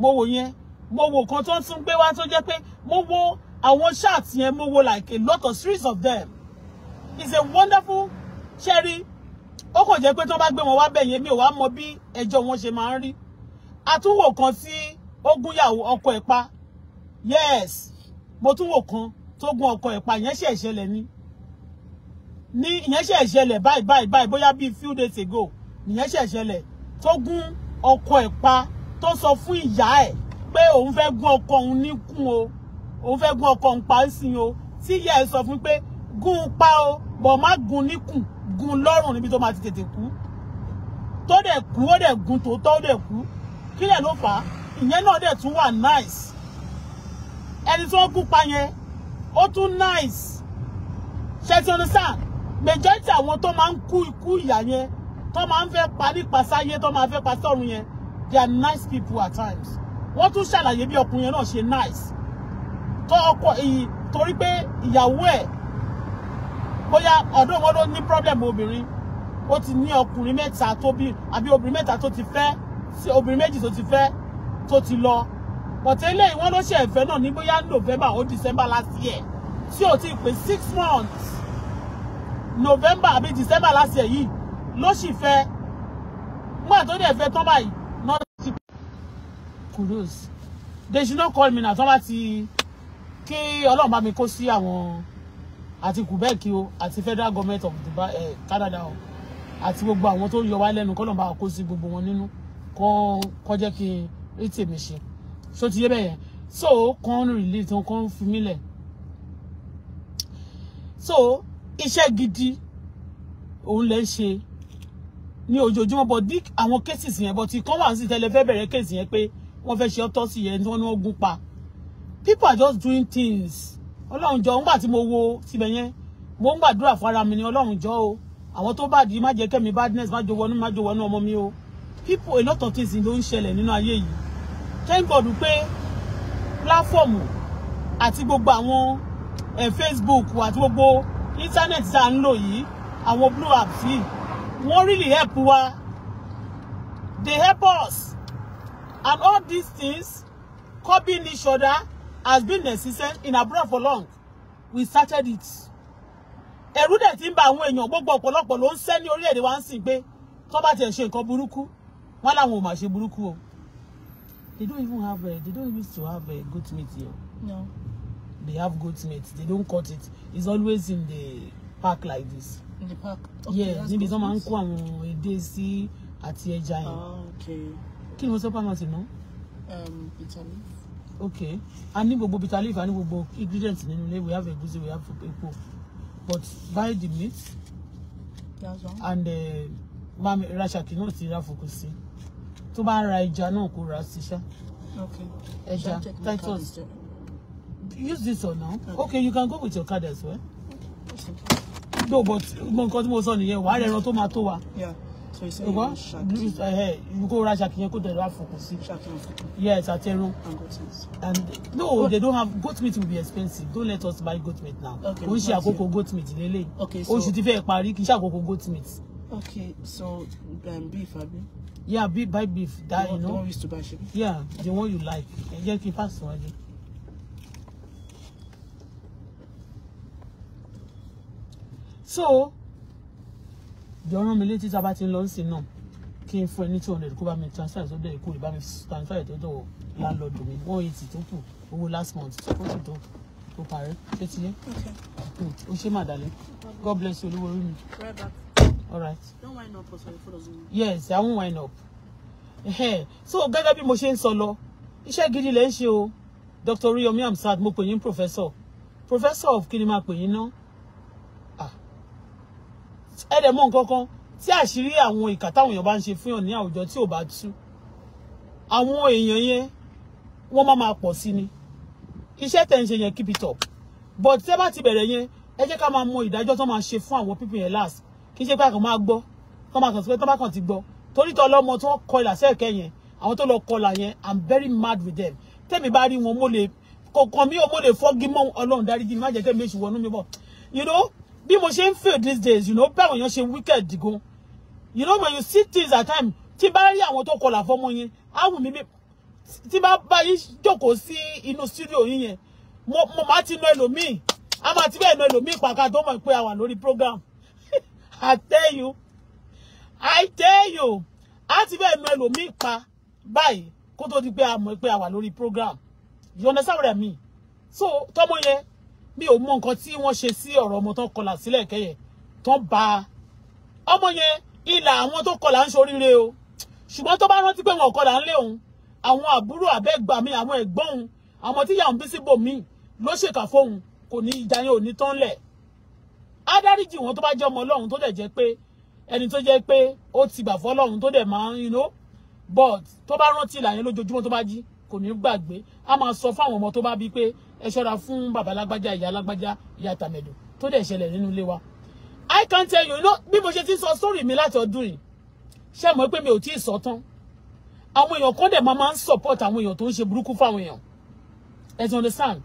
mo wò yẹn mo wo kan tó ń tún gbé wá tó jẹ́ pé mo wo àwọn ṣáàtì yẹn mo wo like a lot of series of them it's a wonderful cherry ó kò jẹ́ pé tó bá gbé wọn wá bẹ̀ yẹn mi ò wá mọ bí ẹjọ́ wọn ṣe máa ń rí àtúnwò kan tí ó gúnyàwó ọkọ ẹ̀ pa yes mo tún wò kan tó gun ọkọ ẹ̀ pa ìyẹn ṣe ìṣẹ̀lẹ̀ ni ní ìyẹn ṣe ìṣẹ̀lẹ̀ báyìí báyìí báyìí bóyá bíi few days ago ìyẹn ṣe ìṣẹ̀lẹ̀ tó gun ọkọ ẹ̀ pa tó sọ fún ìyá ẹ̀ pé òun fẹ́ gun ọkọ òun níkùn o òun fẹ́ gun ọkọ òun pa ń sin o tí ìyá ẹ̀ sọ fún pé gun pa o bọ̀ má gun níkùn gun lọ́rùn níbi tó máa ti tètè kú tó dẹ̀ kú ó dẹ̀ gun tòótọ́ ó dẹ̀ kú kílẹ̀ ló fà á ìyẹn náà dẹ̀ tún wà nice ẹni tó gún pa yẹn ó tún nice ṣe ti understand majority àwọn tó máa ń kú ikú ìyà yẹn tó máa ń fẹ́ pa nípa sáyé tó máa fẹ́ pa sọ́run yẹn they are nice people at times wọ́n tún ṣàlàyé bí ọkùnrin yẹn náà ṣe nice tó ọkọ èyí torí pé ìyàwó ẹ̀ bóyá ọ̀dọ́ wọn ló ní problem obìnrin ó ti ní ọkùnrin mẹ́ta tó bí àbí obìnrin mẹ́ta tó ti fẹ́ sí obìnrin méjì tó ti fẹ́ tó ti lọ bọ̀tẹ́ ilé ìwọ́n ló ṣe ẹ̀fẹ́ náà ní bóyá november or december last year tí ò ti pé six months november àbí december last year yìí ló sì fẹ́ nígbà tó dẹ̀ fẹ́ tán báyìí náà ti kudos they should not call me na tán bá ti kí ọlọ́run bá mi kó sí àwọn àti quebec o àti federal government of Dubai, eh, canada o àti gbogbo àwọn tó yọ wá lẹ́nu kọ́lọ́n bá kó sí gbogbo wọn nínú kọ́ jẹ́ kí n rí tèmi ṣe so ti yé bẹ́ẹ̀ yẹn so kan release wọn kan fi mí lẹ̀ so iṣẹ́ gidi òun lè ṣe ní ojoojúmọ́ But dí àwọn cases yẹn but tí kan wà sí tẹ́lẹ̀ fẹ́ bẹ̀rẹ̀ case yẹn pé wọ́n fẹ́ ṣe autopsy yẹn tí wọ́n ní wọ́n gún pa people are just doing things ọlọ́run jọ ńgbà tí mo wo síbẹ̀ yẹn mo ń gbàdúrà fún ara mi ni ọlọ́run jọ o àwọn to bá di má jẹ́ kẹ́mi badness má jọ wọnú má jọ wọnú ọmọ mi o people a lot of things ló ń ṣẹlẹ̀ nínú ayé yìí thank God pé platform àti gbogbo àwọn eh, Facebook àti gbogbo internet tá à ń lò yìí àwọn blue apps yìí wọ́n really help wa they help us and all these things copying each other has been necessary in abroad for long we started it ẹ̀rú dẹ̀ ti ń ba àwọn èèyàn gbogbo ọ̀pọ̀lọpọ̀ ló ń sẹ́ ní orílẹ̀-èdè wa ń sìn pé tó bá tiẹ̀ ṣe nǹkan burúkú wọ́n láwọn ò mà ṣe burúkú o They don't even have, a, eh, they don't used to have a eh, goat meat here. No. They have goat meat. They don't cut it. It's always in the park like this. In the park? Okay, yeah, níbi tó máa ń kó àwọn edé sí àti ẹja ah, Okay. Kí ni mo pronounce it? No. Um, bitter leaf. Okay. A ní gbogbo bitter and a ní gbogbo ingredients nínú We have egusi, we have epo. But buy the meat. That's wrong. And uh, Rasha Rashaki náà ti ra fòkù sí tó bá ń ra ẹja náà kó ra ṣiṣẹ́ ẹja titus use this or no? okay you can go with your card as well. no but nǹkan tí mo sọ nìyẹn wàá rẹ̀ ẹran tó máa tó wa. Yeah. So you say you want shaki? Eh, eh, you go around shaki, you go to the focus. Shaki and Yes, at Eru. And no, they don't have goat meat will be expensive. Don't let us buy goat meat now. Okay. Ó ń ṣe àkókò goat meat lélẹ̀. Okay, so. Oṣù tí fẹ́ parí kì í ṣe àkókò goat meat. Okay, so um, beef, abi? Yeah, beef, buy beef. That you know. The one we used to buy, shabi? Yeah, the one you like. And yet, keep us one. So, jọ rán mi létí tá a bá ti ń lọ sí náà kí n fún ẹ ní two hundred kó bá mi transfer sọ́dọ̀ èkó ìbá mi transfer ìtọ́jọ́ láńlọ́ọ̀dù mi one eighty tó kù owó last month tó kù tó tó parẹ́ Okay. ti yẹ? ó ṣe màdàlẹ́ God bless you olúwo orí mi. Right back all right. Um. yes i won't wind up. Hey, so Gaga bí mo ṣe ń sọ lọ iṣẹ́ gidi lẹ́ ń ṣe o dr riyomi amsad mo pè professor professor of kí ni máa pè yín ná ah. ẹ dẹ̀ mọ̀ nǹkan kan tí àṣírí àwọn ìkà táwọn èèyàn bá ni. ṣe fún yàn ní àwùjọ tí ò bá tú àwọn èèyàn yẹn wọ́n ni iṣẹ́ tẹ̀ ń ṣe keep it up but tẹ́ bá ti bẹ̀rẹ̀ yẹn ẹ jẹ́ ká máa mọ ìdájọ́ tó máa ṣe fún àwọn pípìn yẹn last kì í ṣe pé àkàn máa gbọ́ tó máa kàn sí pé tó bá ti gbọ́ torí tó ọlọ́mọ tó ń kọ ìlà sẹ́ẹ̀kẹ́ yẹn àwọn tó lọ kọlà yẹn i'm very mad with them tẹ́mi bá rí wọn mo lè kọ̀ọ̀kan mi ò mo lè fọ́gí mọ́ ọlọ́run dáríjì mi má jẹ́ tẹ́mi èṣù wọnú mi bọ̀ you know bí mo ṣe ń fail these days you know báwọn èèyàn ṣe wicked gan you know when you see things at time tí bá rí àwọn tó kọlà fọmọ yẹn á wù mí tí bá bá yín jókòó sí inú studio yín yẹn mo máa ti nà ẹlòmíì a máa ti bẹ́ẹ̀ nà ẹlòmíì pàkà tó mọ̀ pé a wà lórí program I tell you, I tell you, a ti bẹ́ẹ̀ nu ẹlòmíì pa báyìí kó tó di pé a mọ̀ pé a wà lórí program. You understand what I mean? So tọ́mọ yẹn mi ò mọ nǹkan tí wọ́n ṣe sí ọ̀rọ̀ ọmọ tán kọlà sílẹ̀ kẹ́yẹ̀ tán ba ọmọ yẹn ìlà àwọn tó kọlà ń ṣoríire o ṣùgbọ́n tó bá rántí pé wọn kọlà ń lé òun àwọn àbúrò àbẹ́gbà mi àwọn ẹ̀gbọ́n òun àwọn tíyà ń bí síbò míì ló ṣèkà fóun kò ní ìjà yẹn ò tán lẹ̀ á dáríjì wọn tó bá jẹ́ ọmọ ọlọ́run tó dẹ̀ jẹ́ pé ẹni tó jẹ́ pé ó ti gbà fọ́ ọlọ́run tó dẹ̀ máa ń you know but tó bá rántí ìlànà lójoojúmọ́ tó bá jí kò ní gbàgbé á máa sọ fáwọn ọmọ tó bá bí pé ẹ ṣọ́ra fún bàbá lágbájá ìyá lágbájá ìyá tàmẹ̀dù tó dẹ̀ ṣẹlẹ̀ nínú ilé wa i can tell you you know bí mo ṣe ti sọ sórí mi láti ọdún yìí ṣé mọ̀ pé mi ò tí ì sọ tán àwọn èèyàn kan dẹ̀ máa máa ń support àwọn èèyàn tó ń ṣe burúkú fáwọn èèyàn ẹ ti understand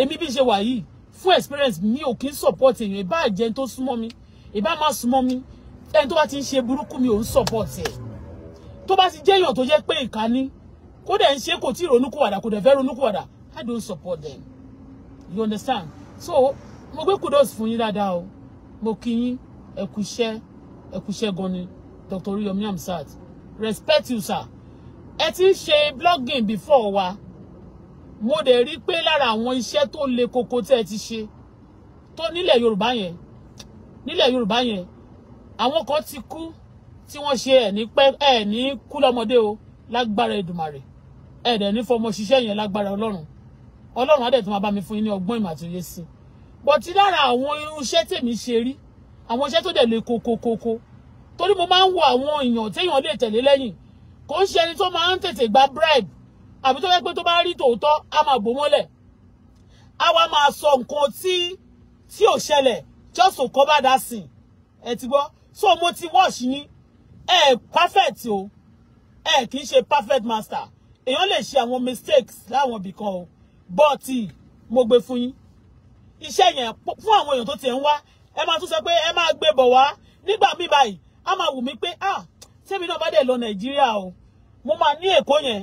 èmi bí ṣe wà yìí fún experience mi ò kí ń support èèyàn ìbá jẹ́ tó súnmọ́ mi ìbá má súnmọ́ mi ẹni tó bá ti ń ṣe burúkú mi ò ń support ẹ̀ tó bá ti jẹ́ èèyàn tó jẹ́ pé ìka ní kó dẹ̀ ń ṣe kò tí ronúkúwàdà kò dẹ̀ fẹ́ ronúkúwàdà I don't support them you understand so mo gbé kudos fún yín dáadáa o mo kí yín ẹ kú gan ni Dr. Yomi Amsat respect you sir ẹ ti ń ṣe blogging before wa mo dẹ̀ rí pé lára àwọn iṣẹ́ tó le koko tẹ́ ẹ ti ṣe tó nílẹ̀ Yorùbá yẹn nílẹ̀ Yorùbá yẹn àwọn kan ti kú tí wọ́n ṣe ẹ̀ní pẹ́ ẹ̀ní kú lọ́mọdé o lágbára Èdùmàrè ẹ̀dẹ̀ ní fọmọ ṣiṣẹ́ yẹn lágbára Ọlọ́run Ọlọ́run á dẹ̀ máa bá mi fún yín ní ọgbọ́n ìmọ̀ àti òye sí i bọ̀tí lára àwọn irúṣẹ́ tèmi ṣe rí àwọn iṣẹ́ tó dẹ̀ le kokokoko torí mo máa ń wo àwọn èèyàn téèyàn lè tẹ̀lé lẹ́yìn kò ń ṣe ẹni tó máa ń tètè gba bribe àbí tó fẹ́ pé tó bá rí tòótọ́ a máa bò mọ́lẹ̀ a wá máa sọ nǹkan tí tí ò ṣẹlẹ̀ just to cover that sin ẹ ti gbọ́ so mo ti wash yín ẹ perfect o ẹ kì í ṣe perfect master èèyàn lè ṣe àwọn mistakes láwọn ibìkan o but mo gbé fún yín iṣẹ́ yẹn fún àwọn èèyàn tó ti ń wá ẹ máa tún sọ pé ẹ máa gbé bọ̀ wá nígbà míì báyìí a máa wù mí pé ah tèmi náà bá dẹ̀ lọ nàìjíríà o mo máa ní èkó yẹn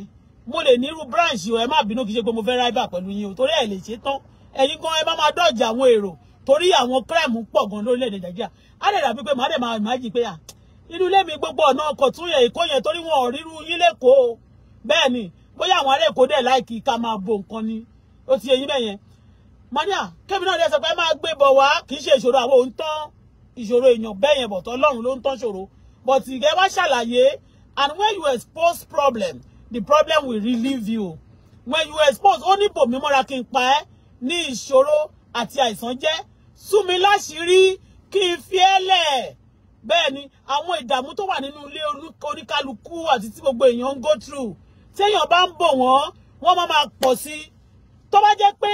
mo lè nírú branch ẹ má bínú kì í ṣe pé mo fẹ́ ráìbà pẹ̀lú yín o torí ẹ̀ lè ṣe tán ẹ̀yin gan ẹ bá máa dọ̀jà àwọn èrò torí àwọn crime pọ̀ gan lórílẹ̀‐èdè nàìjíríà á lè dàbí pé màá dẹ̀ máa máa jì pé à inú ilé mi gbogbo ọ̀nà ọkọ̀ tún yẹ èkó yẹn torí wọn ò rírú yín lẹ́kọ̀ọ́ bẹ́ẹ̀ ni bóyá àwọn ará èkó dẹ̀ láìkì ká máa bo nǹkan ni ó ti yẹ yín bẹ́ẹ̀ yẹn mania kébì náà dẹ̀ sọ pé máa gbé bọ̀ wá kì í ṣe ìṣòro àwọn òun tán ìṣòro èèyàn bẹ́ẹ̀ yẹn bọ̀tọ̀ ọlọ́run ló ń tán ṣòro but ìgẹ́ wá ṣàlàyé and when you expose problem the problem will relieve you when you expose only ní bòmí mọ́ra kí n pa ẹ́ ní ìṣòro àti àìsàn jẹ́ sú mi láṣìírí kí n fi ẹ́ lẹ̀ bẹ́ẹ̀ ni àwọn ìdààmú tó wà nínú ilé go through téèyàn bá ń bọ̀ wọ́n wọ́n máa máa pọ̀ sí i tó bá jẹ́ pé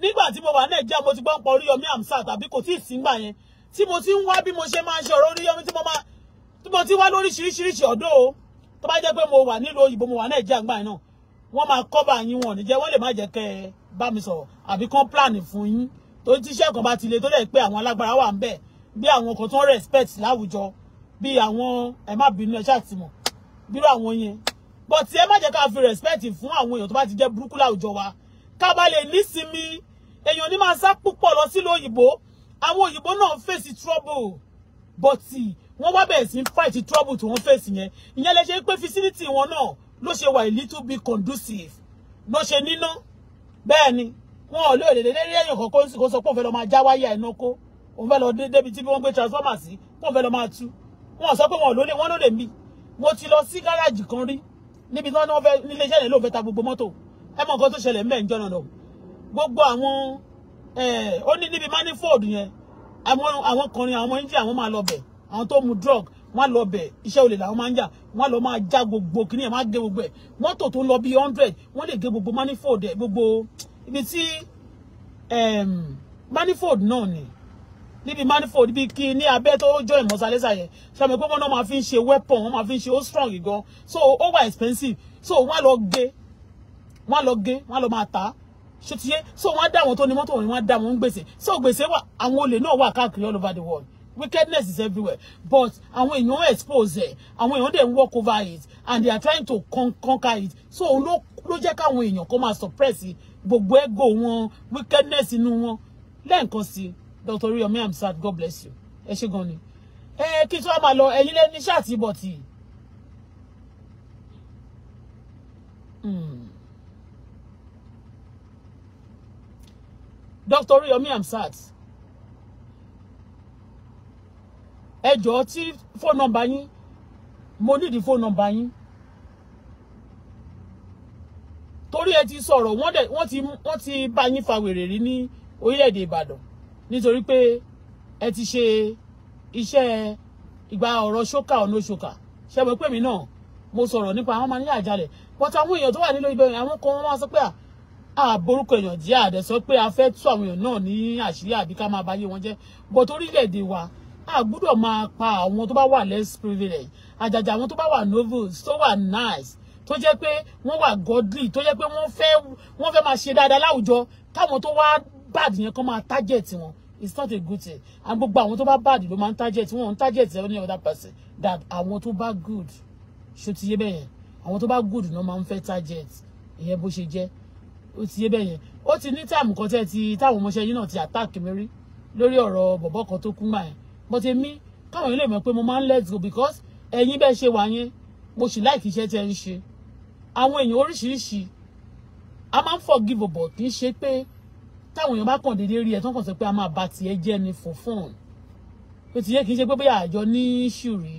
nígbà tí mo wà nàìjíríà mo ti gbọ́ ń pa Oríyọmí Hamzat tàbí kò tí ì ti ń mo ṣe máa ń ṣe ọ̀rọ̀ Oríyọmí tí mo máa tí mo ti wá lóríṣiríṣiríṣi o tó bá jẹ́ pé mo wà nílùú òyìnbó mo wà nàìjíríà gbà yín náà wọ́n máa kọ́bà yín wọn níjẹ́ wọ́n lè má jẹ́ kẹ́ ẹ bá mi sọ̀rọ̀ àbí kán plan fún yín tó tíṣẹ́ kan bá ti le tó dẹ̀ pé àwọn alágbára wà ń bẹ̀ bí àwọn kan tó ń respect láwùjọ bí àwọn ẹ má bínú ẹ ṣàtìmọ̀ bírú àwọn yẹn but ẹ má jẹ́ ká fi respect fún àwọn èèyàn tó bá ti jẹ́ burúkú láwùjọ wa ká bá lè nísinmi èèyàn ní máa sá púpọ̀ lọ sílùú òyìnbó àwọn òyìnbó náà fèsì trouble bọ̀tì wọ́n wá bẹ̀rẹ̀ sí fight trouble tí wọ́n fèsì yẹn ìyẹn lè ṣe pé facility wọn náà ló ṣe wà little bit conducive ló ṣe níná bẹ́ẹ̀ ni wọn ò lóòlè lérí èèyàn kan kó sọ pé òun fẹ́ lọ máa já wáyà iná kó òun fẹ́ lọ débi tí wọ́n gbé transformer sí kó òun fẹ́ lọ máa tú wọn sọ pé wọn ò lóde wọn lóde mi mo ti lọ sí gáràjì kan rí níbi tí wọ́n fẹ́ nílé iṣẹ́ rẹ̀ ló fẹ́ ta gbogbo mọ́tò ẹ mọ̀ nǹkan tó ṣẹlẹ̀ mẹ́ẹ̀ ń jọ́nà lọ gbogbo àwọn eh, ó ní níbi manifold yẹn àwọn kan ní àwọn India àwọn máa lọ bẹ̀ẹ́ àwọn tó mu drug wọ́n lọ bẹ̀ iṣẹ́ olè làwọn máa ń jà wọ́n lọ máa já gbogbo kìnìyàn máa gé gbogbo ẹ̀ mọ́tò tó lọ bíi hundred wọ́n lè gé gbogbo manifold ẹ̀ gbogbo ibi tí ehm, manifold náà ni níbi manifold bíi kí ní abẹ́ tó jọ ìmọ̀sálẹ́sà yẹn ṣàmì pé wọ́n náà máa fi ń ṣe weapon wọ́n máa fi ń ṣe ó strong gan so ó expensive so wọ́n lọ gé wọ́n lọ gé wọ́n lọ máa tà á ṣe ti yé so wọ́n dá àwọn tó ní mọ́tò wọn wọ́n dá wọn gbèsè e so gbèsè wà àwọn olè náà wà káàkiri all over the world wickedness is everywhere but àwọn èèyàn expose ẹ̀ àwọn èèyàn dey walk over it and they are trying to con conquer it so ló ló jẹ́ káwọn èèyàn kan máa suppress gbogbo ego wọn wickedness inú wọn lẹ́ẹ̀kan sí Dr. Yomi Amsat God bless you ẹ ṣé gan ni ẹ kí tí wọ́n máa lọ ẹ̀yin lẹ́ni ṣáàtì bọ̀tì. Hmm. Dr. Yomi Amsat. ẹ jọ̀ọ́ tí fóònù nọ́mbà yín mo nídi fóònù nọ́mbà yín torí ẹ ti sọ̀rọ̀ wọ́n dẹ̀ wọ́n ti wọ́n ti bá yín fa wèrè rí ní orílẹ̀-èdè Ìbàdàn nítorí pé ẹ ti ṣe iṣẹ́ ìgbà ọ̀rọ̀ ṣókà ọ̀nà ṣókà ṣe mọ̀ pé mi náà mo sọ̀rọ̀ nípa àwọn ọmọ nílẹ̀ àjálẹ̀ but àwọn èèyàn tó wà nílò ibẹ̀ àwọn kan wọ́n wá sọ pé à borúkọ èèyàn jẹ́ àdẹ̀ sọ pé a fẹ́ tú àwọn èèyàn náà ní àṣírí àbí ká máa báyé wọn jẹ́ but orílẹ̀-èdè wa a gbọ́dọ̀ máa pa àwọn tó bá wà less privilege àjàjà àwọn tó bá wà novels tó wà nice tó jẹ́ pé wọ́n wà godly tó jẹ́ pé wọ́n fẹ́ wọ́n fẹ́ máa ṣe dáadáa láwùjọ táwọn tó wá bad yẹn kàn máa target wọn it's not a good thing and gbogbo àwọn tó bá bad ló máa ń target wọn ń target any other person that àwọn tó bá good ṣó ti yé bẹ́ẹ̀ yẹn àwọn tó bá good náà máa ń fẹ́ target ìyẹn bó ṣe jẹ́ ó ti yé bẹ́ẹ̀ yẹn ó ti ní táàmù kan tẹ́ ti táwọn ọmọọṣẹ́ yìí náà ti attack mi rí lórí ọ̀rọ̀ bọ̀bọ́ kan tó kú mọ́ ẹ̀ but èmi káwọn yẹn lè mọ̀ pé mo máa ń let go because ẹ̀yin bẹ́ẹ̀ ṣe wà yẹn mo sì láì kí iṣẹ́ tẹ́ ń ṣe àwọn èèyàn oríṣiríṣi a máa ń forgive but kì í ṣe pé táwọn èèyàn bá kàn déédéé rí ẹ tó ń kàn sọ pé a máa ba tiẹ̀ jẹ́ ni for fun pé tiẹ̀ kì í ṣe pé bóyá àjọ ní ṣùrí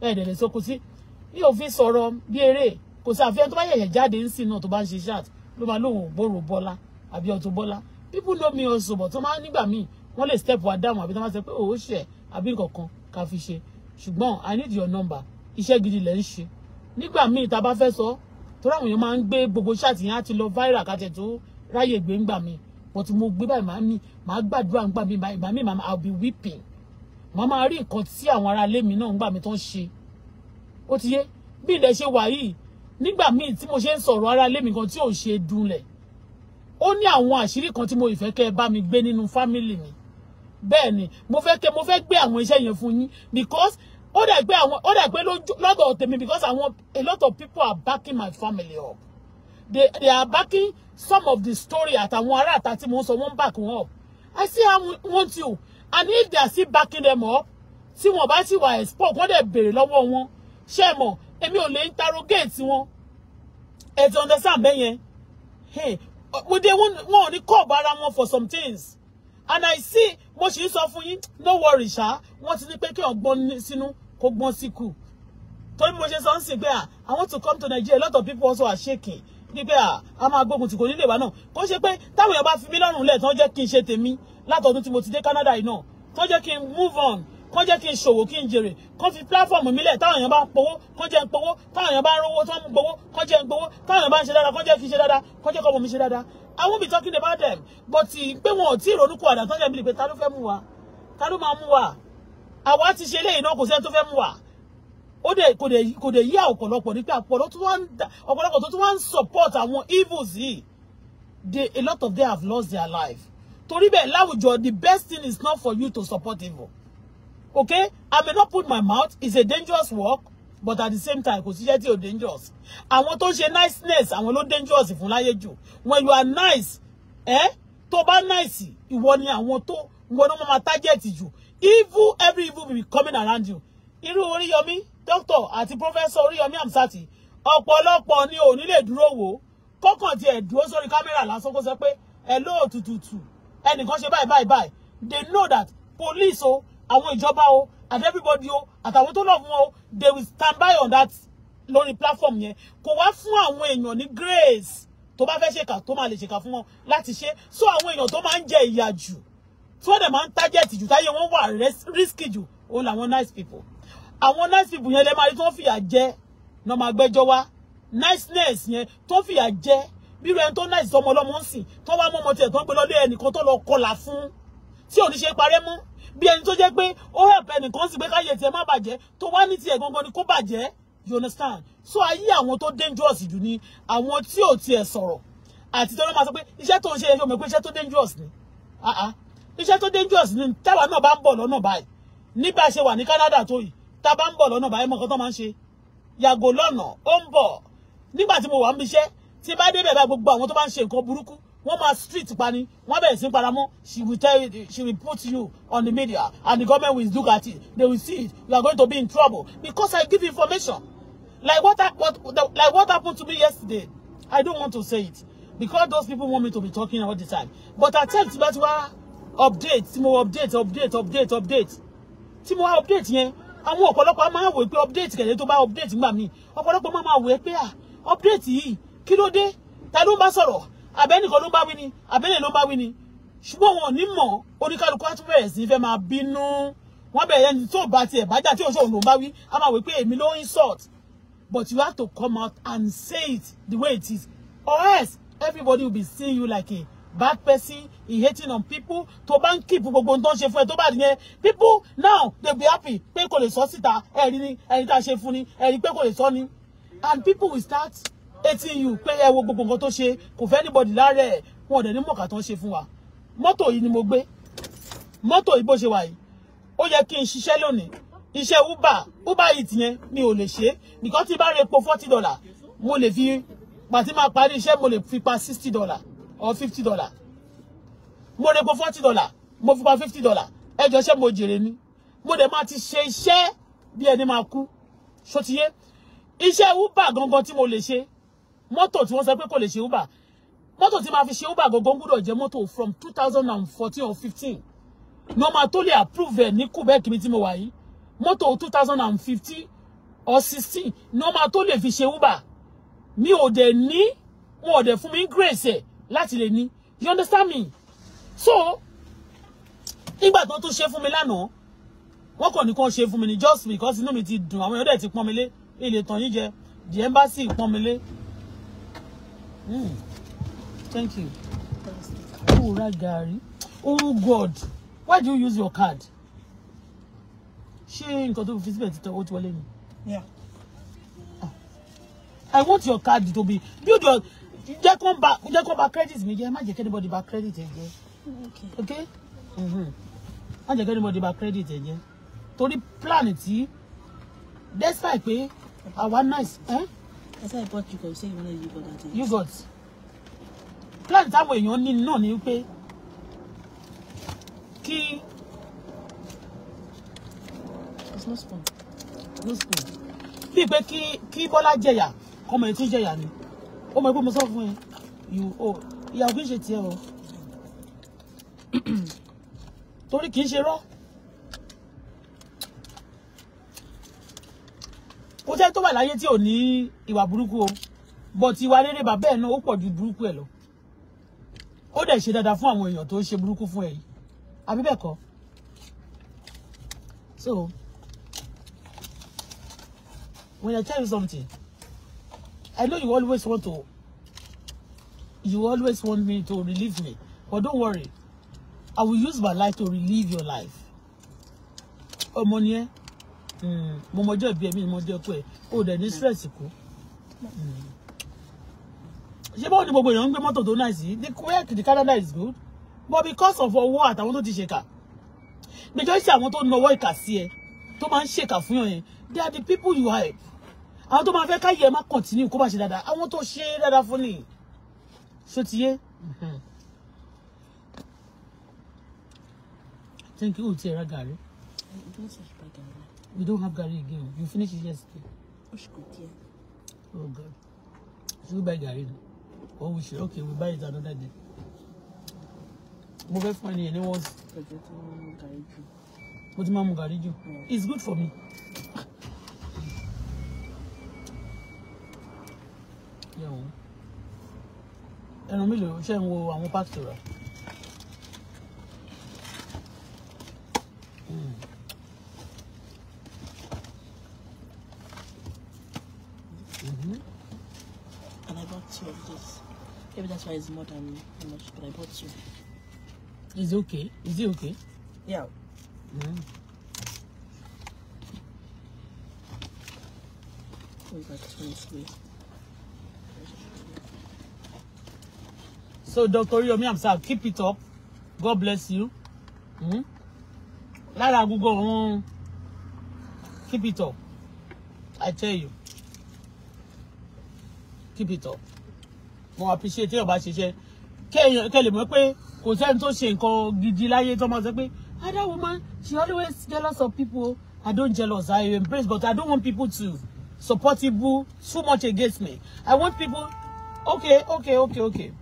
ẹ̀ẹ́dẹ̀ẹ̀dẹ̀ so kò sí ní òfin sọ̀rọ̀ bí eré kò sí àfihàn tó bá yẹ̀yẹ̀ jáde ń sìn náà tó bá ń ṣe ṣáàt ló máa lóun ògbóró bọ́lá àbí Auto Bọ́lá people know me also but tó máa nígbà míì wọ́n lè step wa down àbí tó máa sọ pé òun oh, ṣẹ̀ àbí kankan ká fi ṣe ṣùgbọ́n i need your number iṣẹ́ gidi lẹ ń ṣe nígbà míì tá a bá fẹ́ sọ torí àwọn èèyàn máa ń gbé gbogbo ṣáàtì yẹn á ti lọ viral kàtẹ tó ráyè gbé ńgbà míì but mo gbé báyìí màá mi màá gbàdúrà ńgbà mi ìgbà mi màá i'll be weeping màá máa rí nǹkan tí àwọn ará ilé mi náà ńgbà mi tó ń ṣe ó ti yé bí ilẹ̀ ṣe wà yìí nígbà míì tí mo ṣe ń sọ̀rọ̀ ará ilé mi kan tí ò ṣe dunlẹ̀ ó ní àwọn àṣírí kan tí mo ìfẹ́ kẹ́ ẹ bá mi gbé nínú fámìlì mi bẹ́ẹ̀ ni mo fẹ́ kẹ́ mo fẹ́ gbé àwọn iṣẹ́ yẹn fún yín because ó dà pé àwọn ó dà pé lọ́dọ̀ tèmi because àwọn a lot of people are backing my family up they they are backing some of the story àtàwọn ará àtà tí mo ń sọ wọ́n back wọn up I see how want you and if they are still backing them up tí wọ́n bá sì wà export wọ́n dẹ̀ béèrè lọ́wọ́ wọn ṣé ẹ mọ̀ èmi ò lè interrogate wọn ẹ ti understand bẹ́yẹn hey, but they wọ́n ò ní kọ́ọ̀bù ara wọn for some things and I see mo sì ń sọ fún no worry ṣá wọ́n ti ní pé kí ọgbọ́n sínú kó gbọ́n sí kù torí bí mo ṣe sọ ń sìn pé ah, I want to come to Nigeria a lot of people also are shaking ní ah, a máa gbógun tì kò nílé wa náà kó ṣe pé táwọn èèyàn bá fi mí lọ́rùn lẹ̀ tán jẹ́ kí n ṣe tèmi látọ̀dún tí mo ti dé Canada yìí náà tán jẹ́ move on kó jẹ́ kí n ṣòwò kí n jèrè kó fi pílàfọ̀mù mi lẹ̀ táwọn èèyàn bá ń powó kó jẹ́ ń powó táwọn èèyàn bá ń rówó tó ń gbowó kó jẹ́ ń gbowó táwọn èèyàn bá ń ṣe dáadáa kó jẹ́ kí mi ṣe dáadáa I won't be talking about them. But eh, pé wọn ò tí ìrònúkú àdá tó ń jẹ́ mi pé ta ló fẹ́ mú wa? Ta ló máa mú wa? Àwa ti ṣe eléyìí náà kò sẹ́ni tó fẹ́ mú wa. Ó dẹ̀ kò dẹ̀ kò dẹ̀ yí ọ̀pọ̀lọpọ̀ ní pé ọ̀pọ̀lọpọ̀ tó tún wá ń support àwọn evils yìí. They, a lot of them have lost their life. Torí be láwùjọ the best thing is not for you to support evil. Okay? I may not put my mouth. It's a dangerous work but at the same time kò síṣẹ́ tí ò dangerous àwọn tó ṣe niceness àwọn ló dangerous fún láyé jù when you are nice eh? tó bá nice ìwọ ni àwọn tó ìwọ ni wọ́n máa target jù evil every evil will be coming around you irú Oríyọmí doctor àti professor Oríyọmí Amsati ọ̀pọ̀lọpọ̀ ni ò ní lè dúró wò kọ́kàn tiẹ̀ dúró sórí kámẹ́rà lásán kó sọ pé ẹ lóòtútù ẹnìkan ṣe báyìí báyìí báyìí they know that police o àwọn ìjọba o And everybody at oh, àtàwọn tó of wọn o oh, they will stand by on that lonely platform here. kò wá fún àwọn èèyàn ní grace tó bá fẹ́ ṣèkà tó máa lè ṣèkà fún wọn láti ṣe so àwọn èèyàn tó máa ń jẹ ìyà jù tí wọ́n dẹ̀ máa ń tájẹ̀tì jù táyé wọn wà risky jù òun nice people àwọn nice people yẹn lè máa rí tó ń fìyà jẹ náà máa gbẹ́jọ́ wá niceness yẹn tó ń fìyà jẹ bírò ẹni nice ọmọ ọlọ́mọ ń sìn tó wá mọ́ ọmọ tiẹ̀ tó ń gbé lọ́lé ẹnìkan tó lọ kọlà fún tí ò ní ṣe parẹ́ mọ́ bí ẹni tó jẹ́ pé ó help ẹnìkan sí pé káyé tiẹ̀ má bàjẹ́ tó wá ní tiẹ̀ gangan ni kó bàjẹ́ you understand so ayé àwọn tó dangerous jù ni àwọn tí ò tiẹ̀ sọ̀rọ̀ àti tó ló máa sọ pé iṣẹ́ tó ń ṣe yẹn ṣọmọ pé iṣẹ́ tó dangerous ni ah, ah. iṣẹ́ tó dangerous ni táwa náà bá ń bọ̀ lọ́nà báyìí nígbà ṣe wà ní Canada tó yìí tá a bá ń bọ̀ lọ́nà báyìí mọ̀ nǹkan tó máa ń ṣe yàgò lọ́nà ó ń bọ̀ nígbà tí mo wà ń bí iṣẹ́ tí bá débẹ̀ bá gbogbo àwọn tó bá ń ṣe nǹkan burúkú One máa street pa One wọ́n bẹ̀rẹ̀ sí she will tell you she will put you on the media and the government will look at it they will see it you are going to be in trouble because I give information like what I, what the, like what happened to me yesterday I don't want to say it because those people want me to be talking all the time but I tell you better wa update tí update update update update tí mo wa update yẹn àwọn ọ̀pọ̀lọpọ̀ máa ń wò pé update kẹ̀lẹ́ To bá update gbà mí ọ̀pọ̀lọpọ̀ máa ń wò pé ah update yìí kí ló dé ta ló ń bá àbẹ́nìkan ló bá wí ni àbẹ́lẹ̀ ló bá wí ni ṣùgbọ́n wọn ò ní mọ̀ oníkálukú á tún bẹ̀rẹ̀ sí fẹ́ máa bínú wọ́n bẹ̀rẹ̀ ẹni tó bá tiẹ̀ bájà tí òṣòwò ló bá wí á máa wí pé èmi ló insult but you have to come out and say it the way it is or else everybody will be seeing you like a bad person he hating on people tó bá ń keep gbogbo nǹkan ṣe fún ẹ tó bá nìyẹn people now they be happy pé kò lè sọ síta ẹ̀rí ni ẹ̀rí tá a ṣe fún ni ẹ̀rí pé kò lè sọ ni and people will start etí yìí pé ẹ wo gbogbo nǹkan tó ṣe kò fẹ́ anybody lára ẹ̀ wọn ò dẹ̀ ní mọ̀ọ́kà tó ń ṣe fún wa mọ́tò yìí ni mo gbé mọ́tò yìí bó ṣe wà yìí ó yẹ kí n ṣiṣẹ́ lónìí iṣẹ́ uber uber yìí tìyẹn mi ò lè ṣe nìkan tí bá rẹ po forty dollar mo lè fi pàtí máa parí iṣẹ́ mo lè fi pa sixty dollar or fifty dollar mo rẹ po forty dollar mo fi pa fifty dollar ẹ jọ ṣé mo jèrè ni mo dẹ̀ máa ti ṣe iṣẹ́ bí ẹni máa kú ṣó ti yé iṣẹ́ uber gangan tí mo lè ṣe mọ́tò tí wọ́n sọ pé kò lè ṣe uber mọ́tò tí máa fi ṣe uber gangan gbúdọ̀ jẹ́ mọ́tò from two thousand and fourteen or fifteen ní ọmọ tó lè approve ẹ̀ ní Quebec mi tí mo wà yìí mọ́tò two thousand and fifteen or sixteen ní ọmọ tó lè fi ṣe uber mi ò dẹ̀ ní wọn ò dẹ̀ fún mi grace ẹ̀ láti lè ní you understand me so nígbà tó tún ṣe fún mi lánàá wọn kò ní kó ṣe fún mi ní just because inú mi ti dùn àwọn èèyàn dẹ̀ ti pọ́n mi lé ilé tàn yín jẹ the embassy pọ́n mi lé Mm. Thank you. Oh, right, Gary. Oh God, why do you use your card? Ṣé nǹkan tó fi síbẹ̀ ti tọwọ́ ti wọlé ni? Yeah. Ah. I want your card to be build your jẹ́ come back. jẹ́ come back. credit mi jẹ́ má jẹ́ anybody ba credit again. Okay. Okay. Mm-hmm. Má jẹ́ anybody ba credit again. To the planet, see. That's tí despite pé àwa nice. Eh? I said I bought yogurt. You said you wanted yogurt that day. Yogurt. Plan táwọn you ní náà ni pé kí. It's no spoon. No spoon. Bí pé key, kí jaya. jẹ̀yà kọ́mọ ẹ̀ tún oh my, Ó mọ̀ pé You oh ìyàwó kì í ṣe tiẹ̀ o. Torí kì kò sẹ́ni tó wà láyé tí ò ní ìwà burúkú o bọ̀ ti wà rere bàbá ẹ̀ náà ó pọ̀ ju burúkú ẹ̀ lọ ó dẹ̀ ṣe dáadáa fún àwọn èèyàn tó ṣe burúkú fún ẹ̀ yìí àbí bẹ́ẹ̀ kọ́ so when I tell you something I know you always want to you always want me to relieve me but don't worry I will use my life to relieve your life ọmọ ni ẹ Mm. mo mọjọ́ ìbí ẹ̀mí mo jẹ́ ọkọ ẹ̀ o dẹ̀ ní stress kú. Mm. ṣé báwo ni gbogbo èèyàn ń gbé mọ́tò tó náà sí the Quebec the Canada is good but because of owó àtàwọn tó ti ṣèkà nítorí sí àwọn tó nawọ́ ìkà sí ẹ tó máa ń ṣèkà fún yàn yẹn they are the people you help àwọn tó máa fẹ́ káyé ẹ má continue kó má ṣe dáadáa àwọn tó ṣe dáadáa fún ni ṣó ti yé. Mm-hmm. thank you ó ti ẹ̀ ra gàrí. We don't have garri again. You finished it yesterday. Oh, she could, yeah. Oh, God. Should we buy garri? Or we should, okay, we buy it another day. Mo fẹ́ fún ẹni ẹni wọ́n sí. Pẹ̀lú tí wọ́n mú garri jù. Mo ti máa mú garri jù. Hmm. It's good for me. Yẹ̀wò. Ẹnu mi lò ṣe ń wo àwọn pásítọ̀ rà. Mm. Maybe that's why it's more than how much but I bought two. Is it okay? Is it okay? Yeah. Mm. Mm-hmm. We got 23. So, Dr. Yomi I'm Amsa, keep it up. God bless you. Mm? Lára gbogbo ọ̀hún, keep it up. I tell you, keep it up wọn appreciate téèyàn bá ṣiṣẹ́ kéèyàn kẹlẹ̀ mọ́ pé kò sẹ́ni tó ṣe nǹkan gidi láyé tó máa sọ pé ada ah, woman she always jealous of people I don't jealous I embrace but I don't want people to support people too much against me I want people okay okay okay okay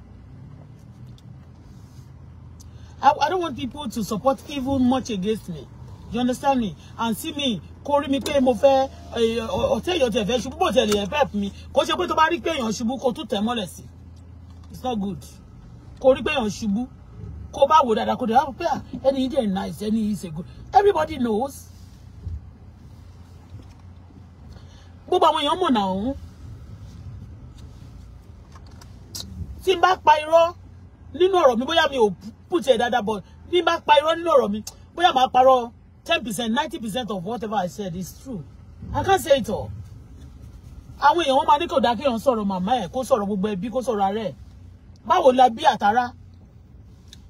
I, I don't want people to support evil much against me you understand me and see me kó rí mi pé mo fẹ́ eh, ọ̀tẹ̀ èèyàn tẹ̀ fẹ́ ṣubú bò tẹ̀lé ẹ̀ fẹ́ mi kó ṣe pé tó bá rí pé èèyàn ṣubú kó tún tẹ̀ mọ́lẹ̀ sí i it's not good Kori rí pé èèyàn ṣubú kó bá wò dáadáa kó dé wá pé ah, ẹni yìí dẹ̀ nice ẹni yìí ṣe good everybody knows gbogbo àwọn èèyàn mọ̀ náà ọ̀hún tí n bá pa irọ́ mi bóyá mi ò pùtì ẹ̀ dáadáa bọ̀ bí n bá pa irọ́ nínú mi bóyá màá parọ́ ten percent ninety percent of whatever I said is true I can't say it all àwọn èèyàn wọn máa ní kò dá kéèyàn sọ̀rọ̀ màmá ẹ̀ kó sọ̀rọ̀ gbogbo ẹbí kó sọ̀rọ̀ ara ẹ̀ báwo la bí àtàrà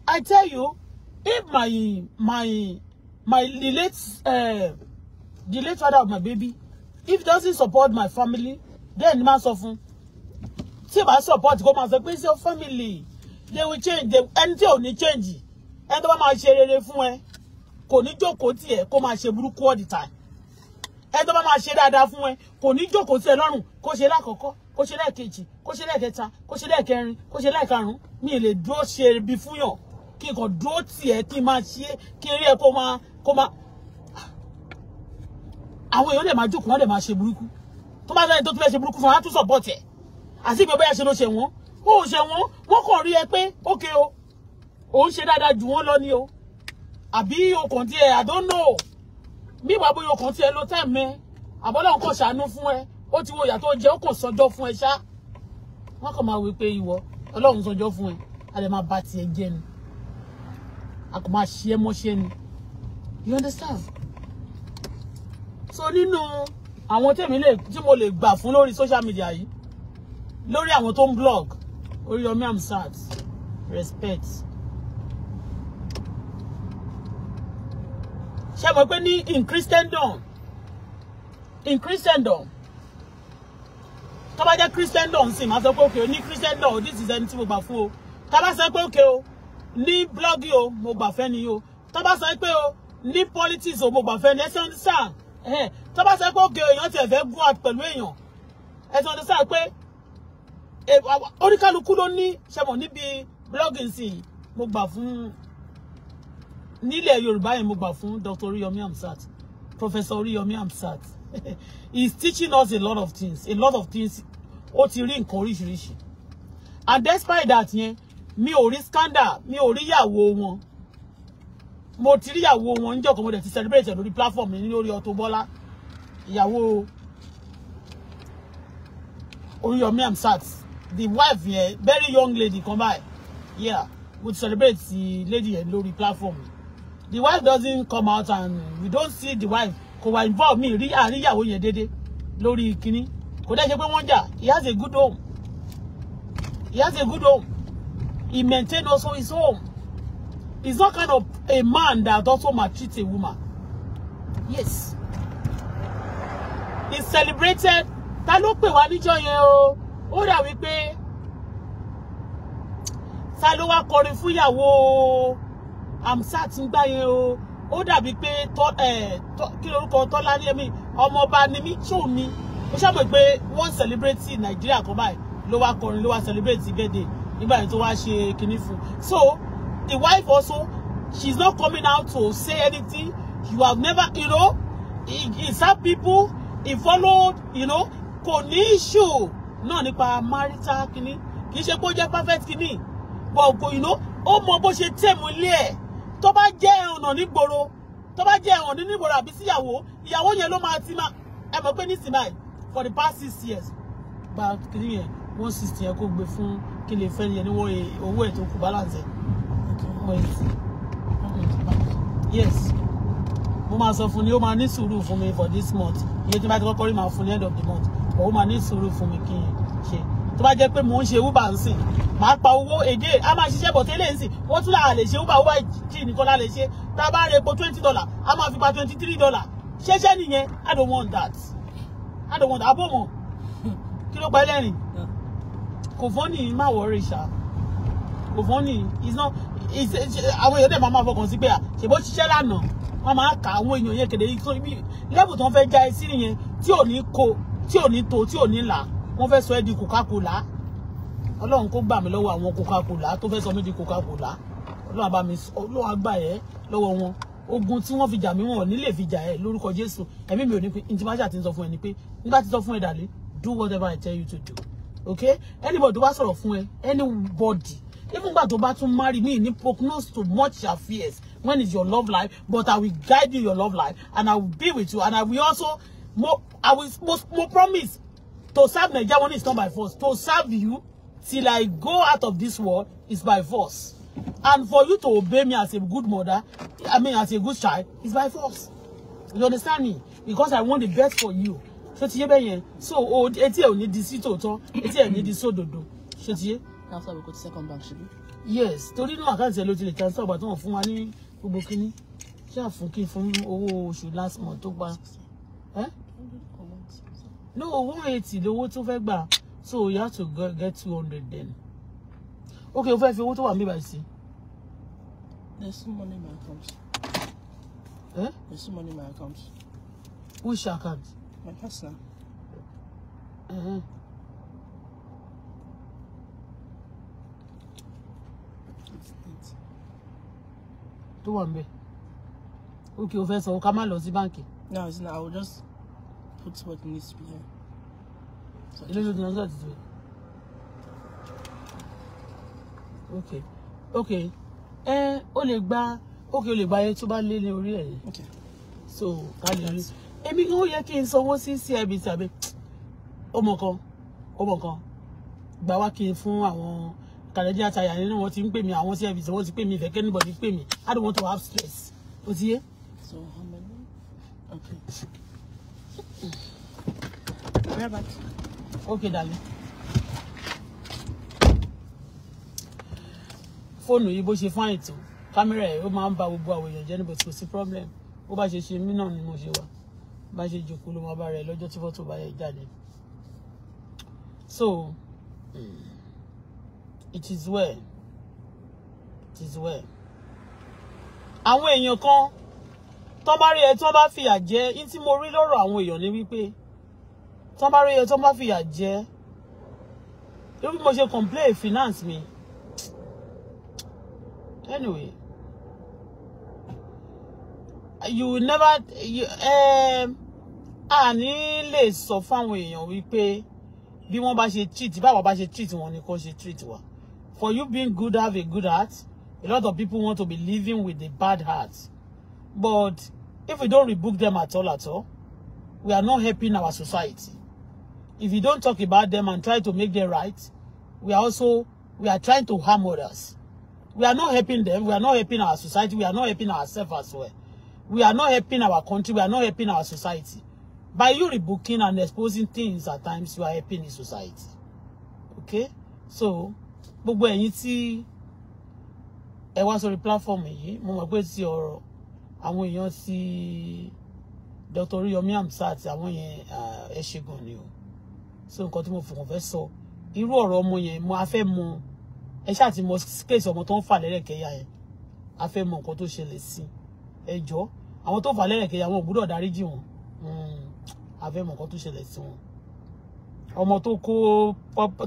I tell you if my my my the late uh, the late father of my baby if doesn't support my family then ma sọ fún tí ma support kó ma sọ pé your family they will change they ẹni tí ò ní change ẹni tó bá ma ṣe rere fún ẹ kò ní jókòó tiẹ̀ kó ma ṣe burúkú all the time ẹni tó bá ma ṣe dáadáa fún ẹ kò ní jókòó tiẹ̀ lọ́rùn kó ṣe lákọ̀ọ́kọ́ kó ṣe lẹ́ẹ̀kejì kó ṣe lẹ́ẹ̀kẹta kó ṣe lẹ́ẹ̀kẹrin kó ṣe lẹ́ẹ̀karùn mi lè dúró ṣe ibi fúnyàn kí n kàn dúró tiẹ̀ kí n máa ṣe kí n rí ẹ kó máa kó máa àwọn èèyàn lè máa jókòó wọn lè máa ṣe burúkú tó bá lẹ́yìn tó tún fẹ́ ṣe burúkú fún wa tún sọ̀pọ̀tì ẹ̀ àti ìgbẹ́ bóyá ṣe ló ṣe wọ́n ó ṣe wọ́n wọ́n kàn rí ẹ pé ókè o òun ṣe dáadáa jù wọ́n lọ ni o àbí okàn tí ẹ I don't know bí ìwà bóyá okàn tí lo time ẹ àbọ́lá òun kàn ṣàánú fún ẹ ó ti wo ìyà tó jẹ ó kò sọjọ́ fún ẹ ṣá wọn kàn máa wí pé ìwọ Ọlọ́run sọjọ́ fún ẹ a lè máa bá tiẹ̀ jẹ́ ni a kò máa ṣe é mọ́ṣẹ́ ni you understand so nínú àwọn tèmi lè tí mo lè gbà fún lórí social media yìí lórí àwọn tó ń blog Oriyomi Hamzat respect ṣe mọ̀ pé ní in Christendom in Christendom tó bá jẹ́ christian law ń sìn máa sọ pé òkè o ní christian law this is ẹni tí mo gbà fún o tó bá sọ pé òkè o ní blọ́ọ̀gì o mo gbà fẹ́ ni o tó bá sọ pé o ní politics o mo gbà fẹ́ ni ẹ sọ́n sà tó bá sọ pé òkè o èèyàn tiẹ̀ fẹ́ gún out pẹ̀lú èèyàn ẹ sọ́n sà pé e, oníkálukú ló ní ṣẹ̀mọ̀ níbi blọ́ọ̀gì sìn mo gbà fún nílẹ̀ yorùbá yẹn mo gbà fún dr oríyọmí amsat professor oríyọmí amsat he's teaching us a lot of things a lot of things ó ti rí nǹkan and despite that yẹn mi ò rí scandal mi ò rí yàwó wọn mo ti rí yàwó wọn níjọ́ kan mo dẹ̀ ti celebrate the platform ní lórí Auto Bola me Oríyọmí Amsat the wife yẹn very young lady come by. yeah we celebrate the lady yẹn lórí platform the wife doesn't come out and we don't see the wife kò wà involve mi rí àríyàwó yẹn dédé lórí kínní kò dẹ́ ṣe pé wọ́n jà he has a good home he has a good home he maintain also his home he's not kind of a man that also maltreat a woman yes he celebrated ta ló pè wá níjọ́ yẹn o ó dà wípé ta ló wá kọrin fún ìyàwó amsat ń gbá yẹn o ó dàbí pé kí lorúkọ tọ́lá ní ẹ̀mí ọmọọba ni mí tù ni mo ṣàmọ̀ pé wọ́n celebrate nàìjíríà kan báyìí ló wá kọrin ló wá celebrate birthday nígbà tó wá ṣe kinní fún so the wife also she is not coming out to say anything you have never you know he, he serve people he followed you know kò ní issue náà nípa marital kinní kì í ṣe pé ó jẹ́ perfect kinní but you know ó mọ bó ṣe tẹ̀mú ilé ẹ̀ tó bá jẹ́ ọ̀nà nígboro tó bá jẹ́ ọ̀nà nígboro àbí síyàwó ìyàwó yẹn ló máa ti máa ẹ mọ̀ pé nísìnyí báyìí for the past six years gba kìnìún yẹn one sixty yẹn kó gbé fún kí lè fẹ́ yẹn níwọ̀n owó ẹ̀ tó kù balance ẹ̀ yes mo máa sọ fún ni ó máa ní sùúrù fún mi for this month iye tí bá ti kọ́kọ́ rí máa fún ní end of the month ó máa ní sùúrù fún mi kí n ṣe tó bá jẹ́ pé mò ń ṣe uber ń sìn màá pa owó èdè a máa ṣiṣẹ́ bọ̀ tẹ́lẹ̀ ń sìn wọ́n tún láà lè ṣe uber uber jì nìkan láà lè ṣe tá a bá rẹ epo twenty dollar a máa fi pa twenty three dollar ṣẹ́ṣẹ́ nìyẹn I don't want that I don't want that abọ́mọ kí ló pa ẹlẹ́rìn kò fọ́nì má wọrí ṣá kò fọ́nì it's not àwọn èèyàn dẹ̀ máa máa fọkàn sí pé à ṣe bó ṣiṣẹ́ lánàá wọ́n máa kà àwọn èèyàn yẹn kéde yìí sórí bí lẹ́bù tó ń fẹ́ já ẹ sí nìyẹn tí ò ní ko tí ò ní to tí ò ní là wọ́n fẹ́ sọ ẹ́ di coca-cola ọlọ́run kó gbà mí lọ́wọ́ àwọn coca-cola tó fẹ́ sọ mí di coca-cola ọlọ́run àbá mi ọlọ́run àgbà ẹ̀ lọ́wọ́ wọn ogun tí wọ́n fi jà mí wọn ò ní lè fi jà ẹ́ lórúkọ jésù ẹ̀mí mi ò ní pé ní ti má ṣàtì sọ fún ẹ ni pé nígbà tí sọ fún ẹ dàlé do whatever I tell you to do okay anybody tó bá sọ̀rọ̀ fún ẹ anybody even gbà tó bá tún marry me ní prognose to much affairs when is your love life but I will guide you your love life and I will be with you and I will also mo I will mo, mo promise To serve Nigeria one is not by force. To serve you till I go out of this world is by force. And for you to obey me as a good mother, I mean as a good child, is by force. You understand me? Because I want the best for you. So ti yé So oh, etí ẹ̀ ò ní di sí tòótọ́, etí ẹ̀ ò ní di sódòdó. we go to second bank, ṣebí. Yes, torí no àkáǹtì ẹ̀ ló ti lè transfer ọgbà tó wọ́n fún wa ní gbogbo kínní. Ṣé àfún last month tó gba? no one eighty lówó tó fẹ́ gbà so you have to get two hundred then okay o fẹ́ fi owó tó wà mí báyìí sí. there's some money in my account. Eh? there's some money in my account. which account. my personal. Uh -huh. tó wà ń bẹ̀ okay o fẹ́ sọ ká má lọ sí báǹkì. no it's not i will just put what needs to be here. So okay okay ẹ o lè gba okay o lè gba ayé tó bá lé ní orí ẹ yẹn so ká lè rí èmi ó yẹ kí n sanwó sí CIB tàbí ọmọ kan ọmọ kan gbà wá kí n fún àwọn kàlẹ́jì àtàyà nínú wọn ti ń pè mí àwọn CIB tí wọ́n ti pè mí ìfẹ́ kẹ́nìbọ̀dì pè mí I don't want to have stress ó ti yé. so how many okay. Ver mm. bak. Okay darling. Phone yìí bó ṣe find it. Camera, ẹ̀ ó máa ń ba gbogbo àwọn èèyàn jẹ́ níbo tí problem bó bá ṣe mi na ni mo ṣe wà bá ṣe jòkó ló máa bá rẹ̀ lọ́jọ́ tí fọ́tò bá yẹ jáde. So mm, it is well it is well. Àwọn èèyàn kan tán bá rí ẹ tán bá fìyà jẹ yín tí mo rí lọ́rọ̀ àwọn èèyàn ni wípé tán bá rí ẹ tán bá fìyà jẹ irú bí mo ṣe complain finance mi anyway you never you, um, a ní lè sọ fáwọn èèyàn wípé bí wọ́n bá ṣe treat báwa bá ṣe treat wọn ni kò ṣe treat wa for you being good have a good heart a lot of people want to be living with a bad heart. But if we don't rebook them at all, at all, we are not helping our society. If you don't talk about them and try to make them right, we are also we are trying to harm others. We are not helping them. We are not helping our society. We are not helping ourselves as well. We are not helping our country. We are not helping our society. By you rebooking and exposing things at times, you are helping the society. Okay? So, but when you see, I was on the platform yìí, mo going to see ọ̀rọ̀ àwọn èèyàn sí Dr. Oriyomi Hamzat àwọn yẹn ẹ ṣe gan ni o so nǹkan tí mo fòkàn fẹ́ sọ irú ọ̀rọ̀ ọmọ yẹn mo afẹ́ mọ ẹ ṣáà ti mọ kéèsì ọmọ tó ń fà lẹ́rẹ̀kẹ́yà yẹn afẹ́ mọ nǹkan tó ṣẹlẹ̀ sí ẹ jọ àwọn tó fà lẹ́rẹ̀kẹ́yà wọn ò gbúdọ̀ dáríjì wọn hmm, afẹ́ mọ nǹkan tó ṣẹlẹ̀ sí wọn ọmọ tó kó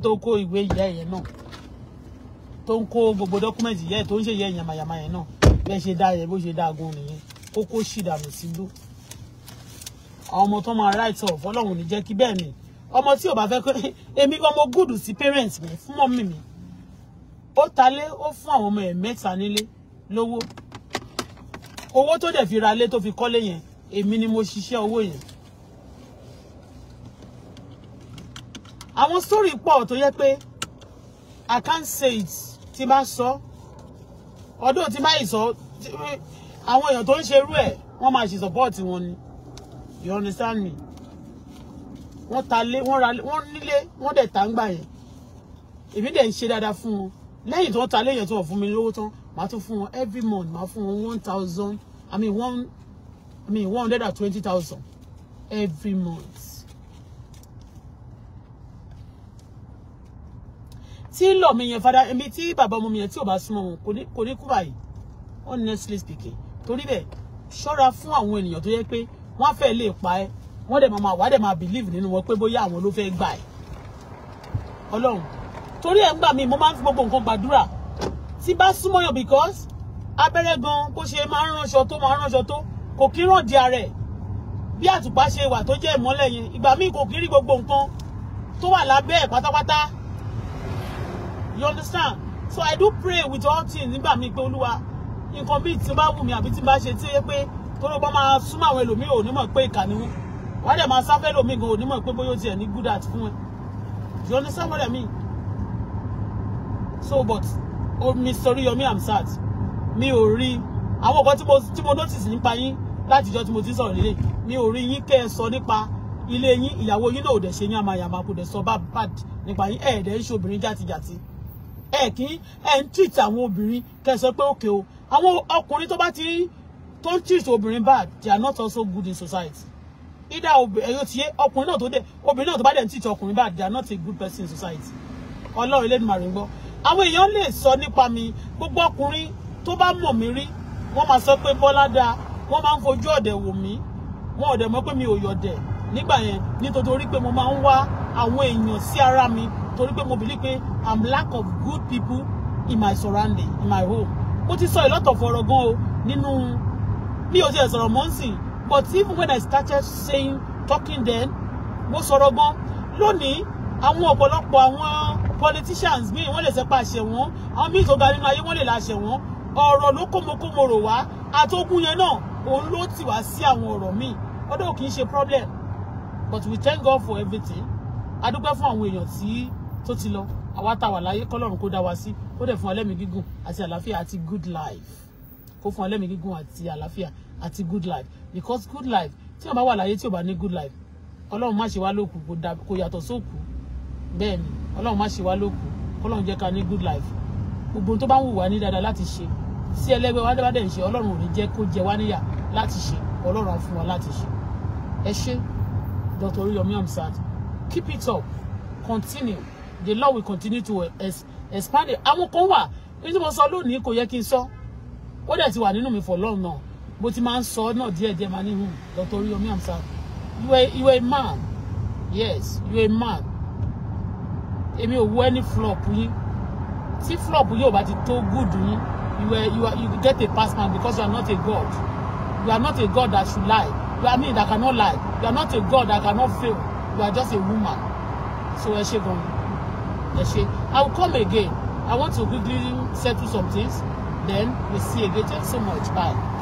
tó kó ìwé ìyá ẹ̀yẹ náà tó ń kó gbogbo dọ́kúmẹ̀ntì ìyá tó ń ṣèyẹ ìyàmàyàmà yẹn náà bẹ́ẹ̀ ṣe dá yẹ bó ṣe dá gan nìyẹn kókó ṣì dànù sí ló àwọn ọmọ tó máa right off ọlọ́run ní jẹ́ kí bẹ́ẹ̀ ni ọmọ tí ò bá fẹ́ pé èmi ọmọ gùdù sí parents mi fún mọ́mì mi ó talé ó fún àwọn ọmọ ẹ̀ mẹ́ta nílé lówó owó tó dẹ̀ fi ra lé tó fi kọ́lé yẹn èmi ni mo ṣiṣẹ́ owó yẹn àwọn story pọ̀ tó yẹ pé I can't say it tí bá sọ ọdún tí báyìí sọ àwọn èèyàn tó ń ṣerú ẹ̀ wọ́n máa ṣe support wọn ni you understand me wọ́n ta lé wọ́n ra wọ́n nílé wọ́n dẹ̀ ta ń gbà yẹn èmi dẹ̀ ń ṣe dáadáa fún wọn lẹ́yìn tó ta léèyàn tó wọ̀ fún mi lówó tán màá tún fún wọn every month màá fún wọn one thousand i mean one i mean one hundred and twenty thousand every month tí lọ mi yẹn fada èmi tí bàbá ọmọ mi yẹn tí ò bá súnmọ́ wọn kò ní kú báyìí honestly speaking torí be ṣọ́ra fún àwọn ènìyàn tó yẹ pé wọ́n fẹ́ lè pa ẹ́ wọ́n dẹ̀ máa wá dẹ̀ máa believe nínú wọn pé bóyá àwọn ló fẹ́ gbà ẹ́ ọlọ́run torí ẹ̀ ń gbà mí mo máa ń fi gbogbo nǹkan gbàdúrà tí bá súnmọ́ yàn because abẹ́rẹ́ gan bó ṣe máa ń ránṣọ tó máa ń ránṣọ tó kò kí ràn di ara ẹ̀ bí àtùpà ṣe to tó jẹ́ ìmọ́lẹ̀ yẹn ìgbà míì kò kí rí gbogbo nǹkan tó wà lábẹ́ ẹ̀ you understand so i do pray with all things nígbà mi pé olúwa nǹkan bíi tí n bá wù mí àbí tí n bá ṣe tí ó yẹ pé tóró bá máa súnmọ́ àwọn ẹlòmíì ò ní mọ̀ pé ìkà ni wọ́n wọ́n máa sáfẹ́ lòmíì gan ò ní mọ̀ pé bóyá ó tiẹ̀ ní good at fún ẹ you understand what i mean so but oh, Mr. Yomi Amsat mi ò rí àwọn nǹkan tí mo tí mo notice nípa yín láti ìjọ tí mo ti sọ̀rọ̀ nílé mi ò rí yín kẹ́ ẹ sọ nípa ilé yín ìyàwó yín náà ò dẹ̀ ṣe yín àmàyàmà kò dẹ̀ sọ bá bad nípa yín ẹ̀ẹ́dẹ̀ ń ṣe obìnrin játijàti ẹ kì í ẹ ń treat àwọn obìnrin kẹsọ pé òkè o àwọn ọkùnrin tó bá ti tó ń treat obìnrin bad they are not also good in society either ẹyọ tiye ọkùnrin náà tó dé obìnrin náà tó bá dẹ̀ ń treat ọkùnrin bad they are not a good person in society ọlọ́run Elédùmarè ń gbọ́ àwọn èèyàn lè sọ nípa mi gbogbo ọkùnrin tó bá mọ̀ mí rí wọ́n máa sọ pé Bọ́lá dáa wọ́n máa ń fojú ọ̀dẹ̀ wò mí wọ́n ọ̀dẹ̀ mọ̀ pé mi ò yọ̀dẹ̀ nígbà yẹn nítorí pé mo máa ń wá àwọn èèyàn sí ara mi torí pé mo bìlí pé i'm lack of good people in my surrounding in my home mo ti sọ ìlọ́tọ̀ fọ̀rọ̀ gan o nínú mi o ti ẹ̀ sọ̀rọ̀ mọ́ ń sìn but even when i started saying talking then mo sọ̀rọ̀ gan lónìí àwọn ọ̀pọ̀lọpọ̀ àwọn politicians mi wọ́n lè sẹ́pà àṣẹ wọn àwọn míì tó ga nínú ayé wọ́n lè láṣẹ wọn ọ̀rọ̀ ló kómokómo rò wá àtogún yẹn náà òun ló tì wá sí àwọn ọ̀rọ̀ míì ọdún kì í ṣe problem but we thank God for everything adúpẹ́ fún àwọn èèyàn tí tó ti lọ àwa tá wà láyé kọ́lọ́run kó dá wa sí ó dẹ̀ fún ẹlẹ́mìí gígùn àti àlàáfíà àti good life kó fún ẹlẹ́mìí gígùn àti àlàáfíà àti good life because good life tí o bá wà láyé tí o bá ní good life ọlọ́run má ṣe wá lókù kò yàtọ̀ sóòkù bẹ́ẹ̀ ni ọlọ́run má ṣe wá lókù kọ́lọ́run jẹ́ ká ní good life gbogbo tó bá ń wù wá ní dáadáa láti ṣe sí ẹlẹ́gbẹ́ wa dábàá dẹ̀ ń ṣe ọlọ́run ò ní jẹ́ kó jẹ wá níyà láti ṣe ọlọ́run á fún wa láti ṣe ẹ ṣé Dr. Yomi Amsat. Keep it up. Continue. The law will continue to expand I'm Àwọn kan wà nítorí mo sọ lónìí kò yẹ kí n sọ. Ó dẹ̀ ti for long now. But ti máa ń sọ náà díẹ̀díẹ̀ máa ní hùn. Hmm, Dr. Yomi Amsat. You are, you are a man. Yes, you are a man. Èmi ò wo any flop yín. Tí flop yín ò bá ti tó good yín, you, are, you, are, you get a pass man because you are not a god. You are not a god that should lie you are me that cannot lie you are not a god that cannot fail you are just a woman so ẹ ṣe gan i will come again i want to quickly settle some things then we see again thank you so much bye.